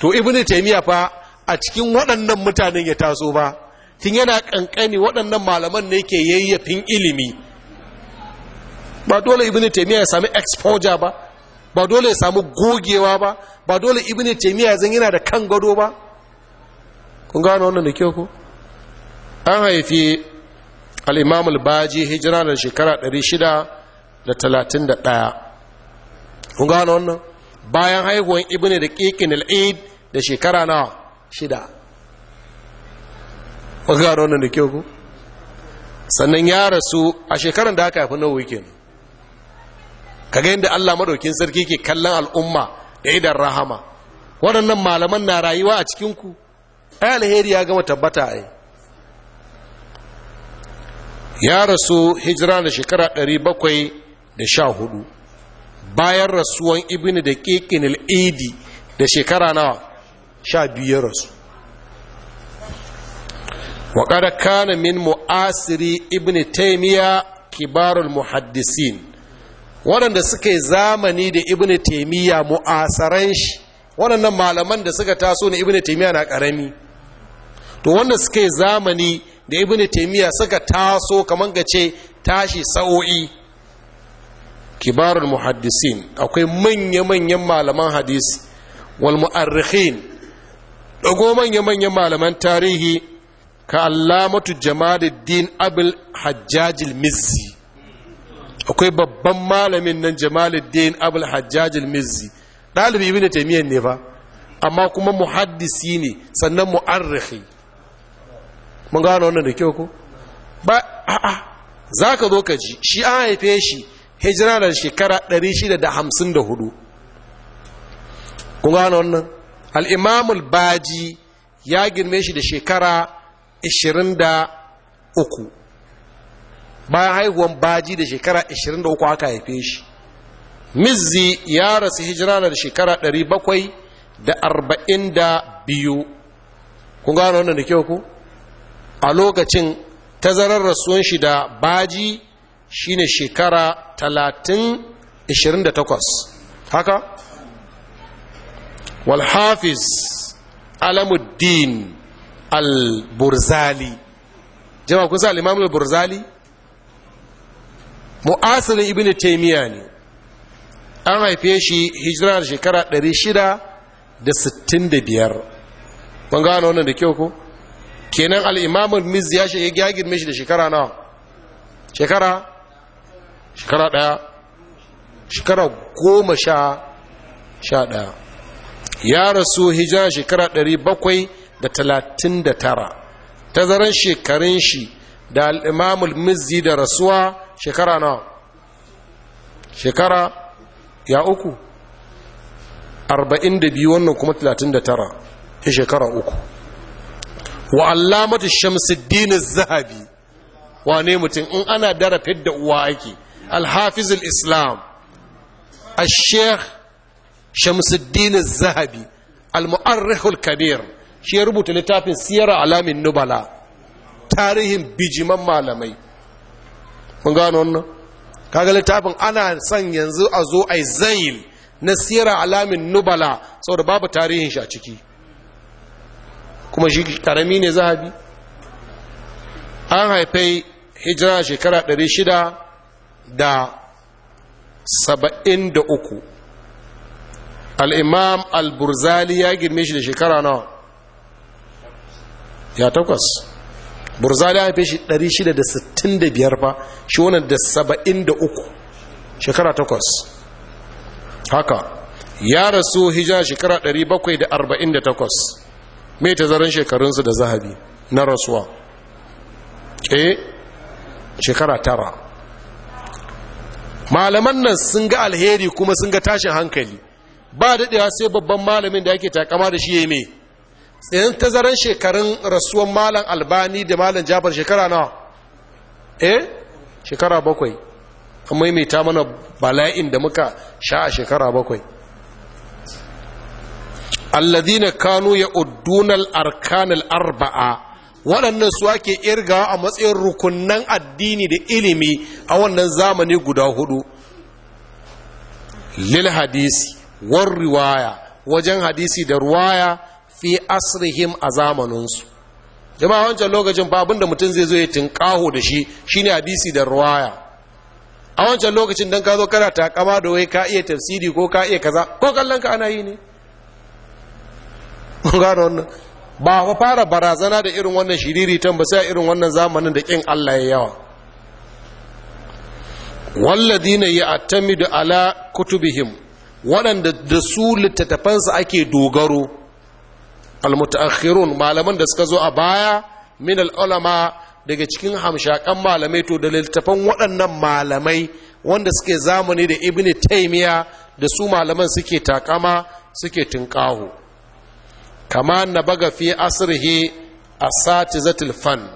to ibn taymiya fa a cikin waɗannan mutanen ya taso ba tun yana ƙanƙani waɗannan malaman ne ke yayyafin ilimi ba dole ibn taymiya ya sami exposure ba ba dole ya sami gogewa ba ba dole ibn taymiya zan yana da kan gado ba kun gano wannan da kyau ko an haifi al’imamul baji hijira da shekara 631 kun gano wannan bayan haihuwan ne da ƙiƙin al'id da shekara na shida kun gano wannan da kyau ku sannan ya rasu a shekarar da aka haifi na wikin kaga yadda allah maɗaukin sarki ke kallon al'umma da idan rahama waɗannan malaman na rayuwa a cikinku ai alheri ya gama tabbata ai ya rasu hijira da shekara 714 bayan rasuwan ibini da ƙiƙin al'adi da shekara na sha biyu rasu waƙada kana min mu'asiri ibini taimiya kibarul muhaddisin waɗanda suka yi zamani da ibini taimiya mu'asaran shi waɗannan malaman da suka taso na ibini taimiya na ƙarami to wanda suka yi zamani da ibn taymiya suka taso kamar ga ce tashi sa'o'i kibarul muhaddisin akwai manya-manyan malaman hadisi wal mu'arrikhin dago manya-manyan malaman tarihi ka allamatu jamaluddin abul hajjajil mizzi akwai babban malamin nan jamaluddin abul hajjajil mizzi ɗalibi ibn taymiyyah ne fa amma kuma muhaddisi ne sannan mu'arrikhi mun gano wannan da kyau ko ba a'a za ka zo ka ji shi an haife shi hijira da shekara 654 kun gano wannan al'imamul baji ya girme shi da shekara 23 bayan haihuwan baji da shekara 23 aka haife shi mizzi ya rasu hijira da shekara 742 kun gano wannan da kyau ko a lokacin tazarar rasuwan shi da baji shine shekara talatin 28 haka walhafiz alamuddin al-burzali jama'a kusa al-imam al-burzali mu'asirin ibn taymiya ne an haife shi hijira da shekara 665 ban gano wannan da kyau ko kenan al'imamun miz ya shi ya girme shi da shekara nawa shekara shekara ɗaya shekara goma sha sha ɗaya ya rasu hijira shekara ɗari bakwai da talatin da tara tazaran shekarun shi da al'imamul mizzi da rasuwa shekara nawa shekara ya uku arba'in da biyu wannan kuma talatin da tara ya shekara uku wa allamatu shamsuddin az-zahabi wane mutum in ana dara da uwa ake alhafizul islam al-sheikh shamsuddin zahabi al-mu'arrikh kabir shi ya rubuta littafin siyara alamin nubala tarihin bijiman malamai mun gano wannan kaga littafin ana son yanzu a zo a zail na siyara alamin nubala saboda babu tarihin shi a ciki kuma shi karami ne zahabi an haifai hijira shekara 673 da al'imam al-burzali ya girme shi da shekara nawa ya takwas burzali ya haife shi 665 fa shi wannan da 73 shekara takwas haka ya rasu hijira shekara 748 mai tazarin shekarunsu da zahabi na rasuwa E, shekara tara malaman nan sun ga alheri kuma sun ga tashin hankali ba daɗewa sai babban malamin da ake takama da shi ya mai tsayin tazaran shekarun rasuwan malam albani da malam jabar shekara nawa E, shekara bakwai an maimaita mana bala'in da muka sha a shekara bakwai alladhina kanu ya al-arkan arbaa waɗannan su ake irga a matsayin rukunnan addini da ilimi a wannan zamani guda hudu lil hadisi war riwaya wajen hadisi da ruwaya fi asrihim a zamaninsu jama'a wancan lokacin ba abinda mutum zai zo ya tinkaho da shi shine hadisi da ruwaya a wancan lokacin don ka zo kana takama da wai ka iya tafsiri ko ka iya kaza ko kallon ka ana yi ne ba fa fara barazana da irin wannan shiriri tan ba sai irin wannan zamanin da kin Allah ya yawa walladina da ala kutubihim waɗanda da su littattafansu ake dogaro almutaakhirun malaman da suka zo a baya min ulama daga cikin hamshakan malamai to da littattafan waɗannan malamai wanda suke zamani da ibni taimiya da su malaman suke takama suke tunƙaho kama na baga fi asirhi a sati zatil fan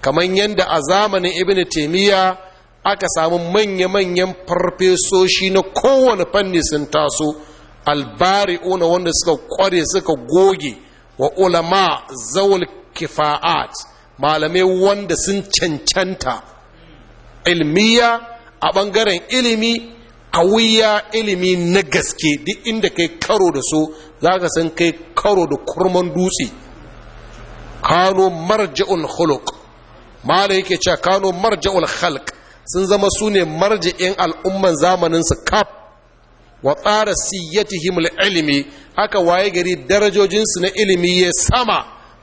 kamar yadda a zamanin ibn taimiyya aka samu manya-manyan farfesoshi na kowane fanni sun taso albari'una wanda suka kware suka goge wa ulama zawul kifa'at malamai wanda sun cancanta ilmiya a ɓangaren ilimi ƙawuya ilimi na gaske duk inda kai karo da su za ka san kai karo da kurman dutse kano marja'un khuluq mala yake cewa kano marja'un khalq sun zama su ne marja'in al'umman zamanin su kaf wa tsara siyatihim ilimi haka waye gari darajojinsu na ilimi ya sama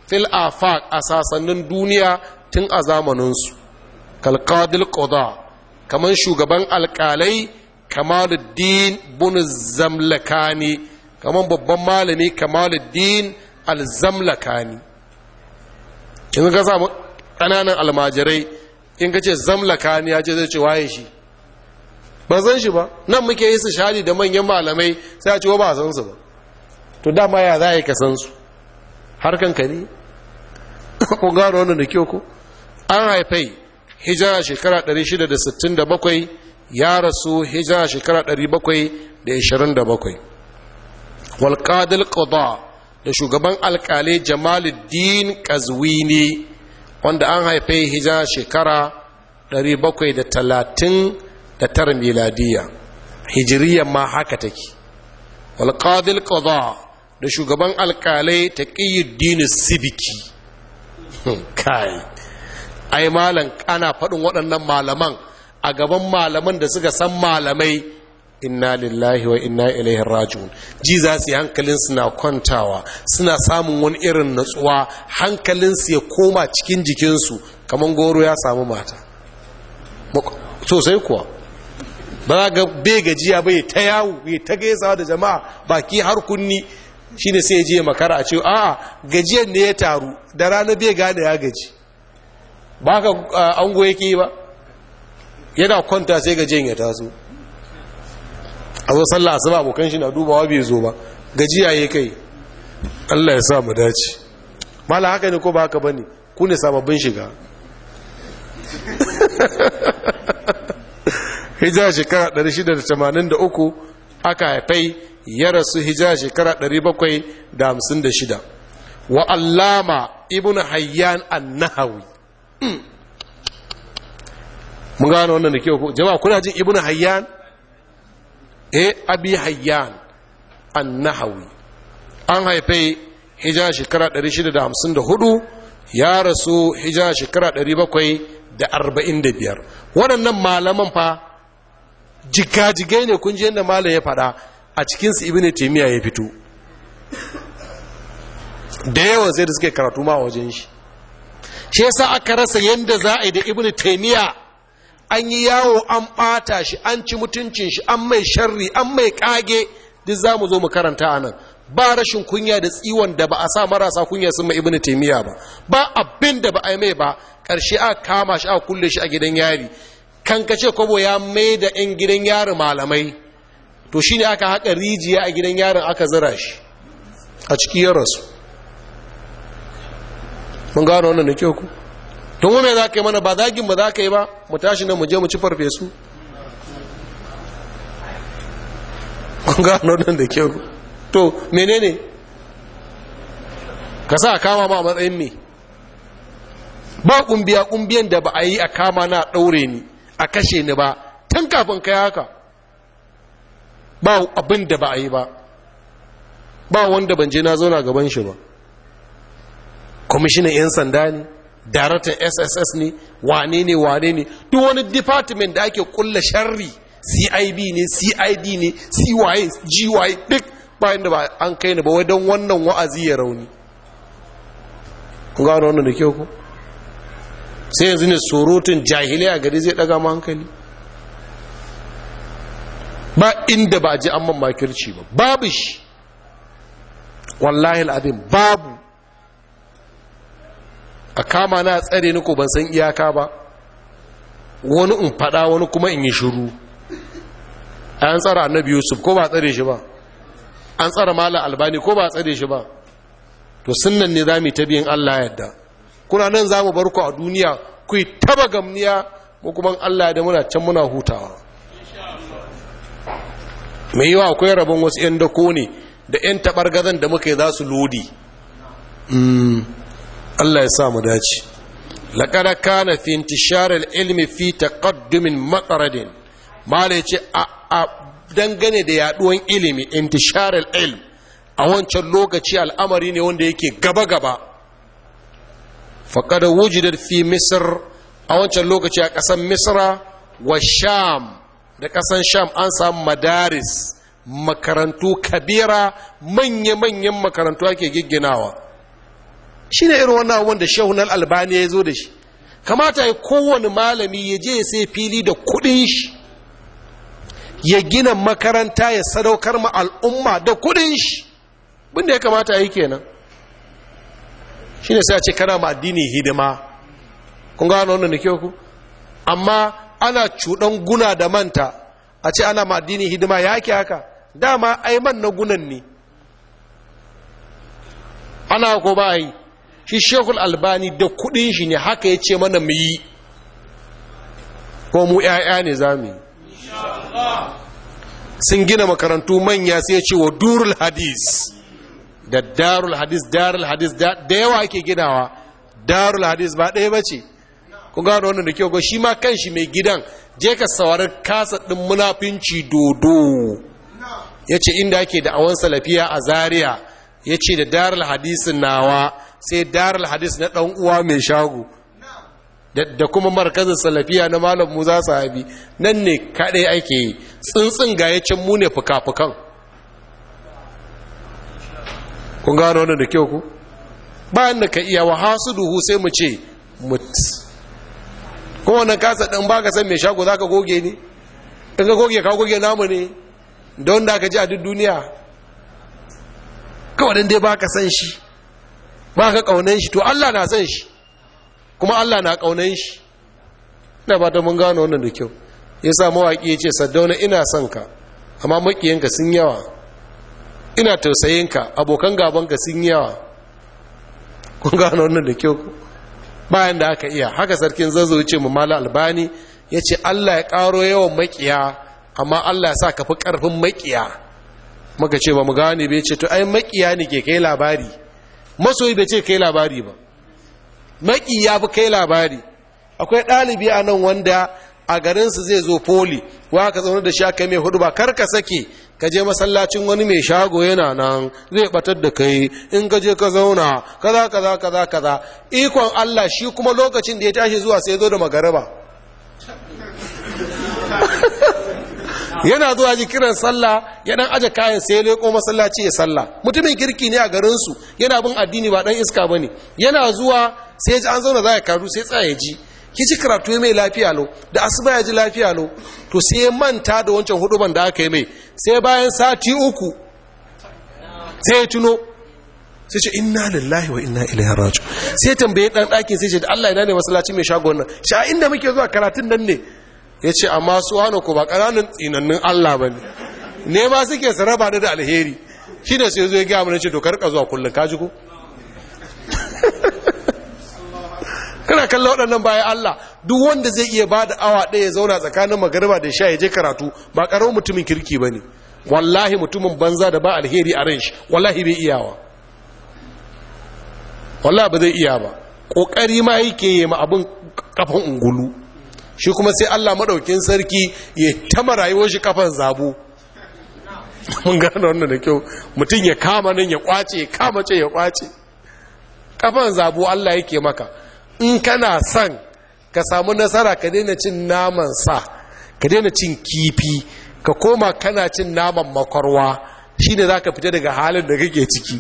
fil afaq a sasannin duniya tun a zamaninsu kalqadil qada kamar shugaban alkalai kamaluddin bin zamlakani kamar babban malami kamaluddin al-zamlakani in ka samu kananan almajirai in ka ce zamlakani ya ce zai ce waye shi ba san shi ba nan muke yi su shari da manyan malamai sai a ce ba a san su ba to dama ya za a yi ka san su har ka ne kun gano wani da kyau ko an haifai hijira shekara 667 ya rasu hijira shekara 727 walƙadil ƙuda da shugaban alƙalai jamaluddin qazwini wanda an haife hijira shekara 739 da tara miladiya hijiriyar ma haka take walƙadil ƙuda da shugaban alkalai dini sibiki hmm, kai ai malam ana faɗin waɗannan malaman a gaban malaman da suka san malamai inna lillahi wa inna ilaihi raji'un ji za su yi hankalin suna kwantawa suna samun wani irin natsuwa hankalinsu ya koma cikin jikinsu kamar goro ya samu mata sosai kuwa ba za ga bai gajiya bai ta yawo bai ta gaisawa da jama'a baki har kunni ne sai je makara a ce a'a gajiyar ne ya taru da rana bai gane ya gaji ba ka ango yake ba yana kwanta sai gajiyan ya taso a zo sallah asuba abokan shi na dubawa bai zo ba gajiya ya kai Allah ya sa mu dace mala haka ne ko ba haka bane ku ne sababbin shiga hijira shekara 683 aka haifai ya rasu hijira shekara 756 wa allama ibn hayyan an-nahawi hmm. mun gane wannan da kewa ko jama'a kuna jin ibnu hayyan eh abi hayyan an-nahawi an haife hijira shekara 654 ya rasu hijira shekara 745 waɗannan malaman fa jigajigai ne kun ji yadda malam ya faɗa a cikinsu ibnu taymiya ya fito da yawa zai da suke karatu ma wajen shi shi yasa aka rasa yadda za a yi da ibnu taymiya an yi yawo an ɓata shi an ci mutuncin shi an mai sharri an mai ƙage duk za mu zo mu karanta a nan ba rashin kunya da tsiwon da ba a sa marasa kunya sun ma ibnu taimiyya ba ba abin da ba a yi mai ba ƙarshe a kama shi a kulle shi a gidan yari kan kace kobo ya mai da 'yan gidan yari malamai to shine aka haƙa rijiya a gidan yarin aka zira shi a cikin yaransu mun gano wannan da ku tun me za ka yi mana ba zagin ba za ka yi ba mu tashi nan mu je mu ci farfesu kun na nan da kyau to menene ka sa kama ma a matsayin me ba kumbiya kumbiyan da ba a yi a kama na ɗaure ni a kashe ni ba tun kafin kai haka ba abin da ba a yi ba ba wanda ban je na zauna gaban shi ba kwamishinan 'yan sanda ne daratar sss ne wane ne wane ne duk wani department da ake kulla sharri cib ne cid ne cy gy duk bayan da ba an kai ni ba wai don wannan wa'azi ya rauni ku gano wannan da kyau ku sai yanzu ne surutun jahiliya gari zai daga ma hankali ba inda ba ji an makirci ba babu shi wallahi al'adun babu a kama na tsare ni ko ban san iyaka ba wani in fada wani kuma in yi shiru an tsara annabi yusuf ko ba tsare shi ba an tsara mala albani ko ba tsare shi ba to sunnan ne za mu ta biyan allah yadda kuna nan za mu bar ku a duniya ku yi taba gamniya ko kuma allah yadda muna can muna hutawa mai yiwa akwai rabon wasu 'yan dako ne da 'yan taɓar gazan da muka yi za su lodi hmm. Allah ya sa mu dace laqad kana fi intishar al-ilmi fi taqaddumin mataradin mala yace a dangane da yaduwan ilimi intishar al-ilm a wancan lokaci al'amari ne wanda yake gaba gaba faqad wujidat fi misr a wancan lokaci a kasan misra wa sham da kasan sham an samu madaris makarantu kabira manya-manyan makarantu ake gigginawa shi ne irin wannan wanda shehunan albani ya zo da shi kamata ya kowane malami ya je ya sai fili da kudin shi ya gina makaranta ya sadaukar ma al'umma da kudin shi bunda ya kamata yi kenan shi ne sai a ce kana ma addini hidima kun gano wannan da ke ku amma ana cuɗan guna da manta a ce ana ma addini hidima ya ke haka dama ai man na gunan ne ana ko ba yi shi shekul albani da kudin shi ne haka ya ce mana mu yi ko mu 'ya'ya ne za mu yi sun gina makarantu manya sai ya ce wa durul hadis da darul hadis darul hadis da yawa ake ginawa darul hadis ba ɗaya ba ce gano wannan da kyau shi ma kan shi mai gidan je ka saurari kasa ɗin munafinci dodo ya ce inda ake da awon salafiya a Zariya, ya ce da darul hadisin nawa sai dar hadis na dan uwa mai shago da kuma markazin salafiya na malam musa sahabi nan ne kaɗai ake yi tsuntsun gayacin mu ne fuka-fukan kun gano wannan da kyau ku bayan da ka iya wa duhu sai mu ce mut kuma wannan kasa ɗin ba ka san mai shago za ka goge ne in ka goge ka goge namu ne da wanda ka ji a duk duniya kawai dai ba ka san shi ba ka ƙaunan shi to Allah na san shi kuma Allah na ƙaunan shi ina ba ta mun gano wannan da kyau ya sa mawaƙi ya ce saddauna ina son ka amma maƙiyanka sun yawa ina tausayin ka, abokan gabanka sun yawa kun gano wannan da kyau bayan da aka iya haka sarkin zazzo ce mu mala albani ya ce Allah ya ƙaro yawan maƙiya amma Allah ya sa ka fi ƙarfin maƙiya muka ce ba mu gane bai ce to ai maƙiya ne ke kai labari masoyi bai ce kai labari ba maki ya fi kai labari akwai ɗalibi a nan wanda a garinsu zai zo poli wa ka zaune da shi aka mai hudu ba kar ka sake ka je masallacin wani mai shago yana nan zai batar da kai in ka je ka zauna kaza kaza kaza kaza ikon Allah shi kuma lokacin da ya tashi zuwa sai zo da magaraba yana zuwa ji kiran sallah ya dan aje kayan sai ya leko masallaci ya sallah mutumin kirki ne a garin su yana bin addini ba dan iska ba ne. yana zuwa sai ji an zauna za yi karu sai tsaya ji ki ci karatu mai lafiya lo da asuba ya ji lafiya lo to sai manta da wancan huduban da aka yi mai sai bayan sati uku sai ya tuno sai ce inna lillahi wa inna ilaihi sai tambaye dan ɗakin sai ce da Allah ya ne masallaci mai shagon nan sha inda muke zuwa karatun nan ne ya ce amma su hana ku ba ƙananan tsinannin Allah ba ne ne ma suke saraba da alheri shi ne sai zo ya gaya mana ce dokar ka zuwa kullum ka ji ko kana kalla waɗannan bayan Allah duk wanda zai iya ba da awa ɗaya zauna tsakanin magariba da sha ya je karatu ba ƙaramin mutumin kirki ba ne wallahi mutumin banza da ba alheri a ranshi wallahi bai iyawa wallahi ba zai iya ba ƙoƙari ma yake yi ma abin kafan ungulu shi kuma sai Allah maɗaukin sarki ya tama rayuwar shi kafan zabu mun gano wannan da kyau mutum ya kama nan ya kwace ya kama ce ya kwace kafan zabu Allah yake maka in kana son ka samu nasara ka daina cin naman sa ka daina cin kifi ka koma kana cin naman makwarwa shi shine zaka fita daga halin da kake ciki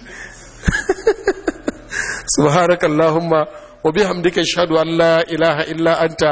subhanakallahumma wa bihamdika ashhadu an la ilaha illa anta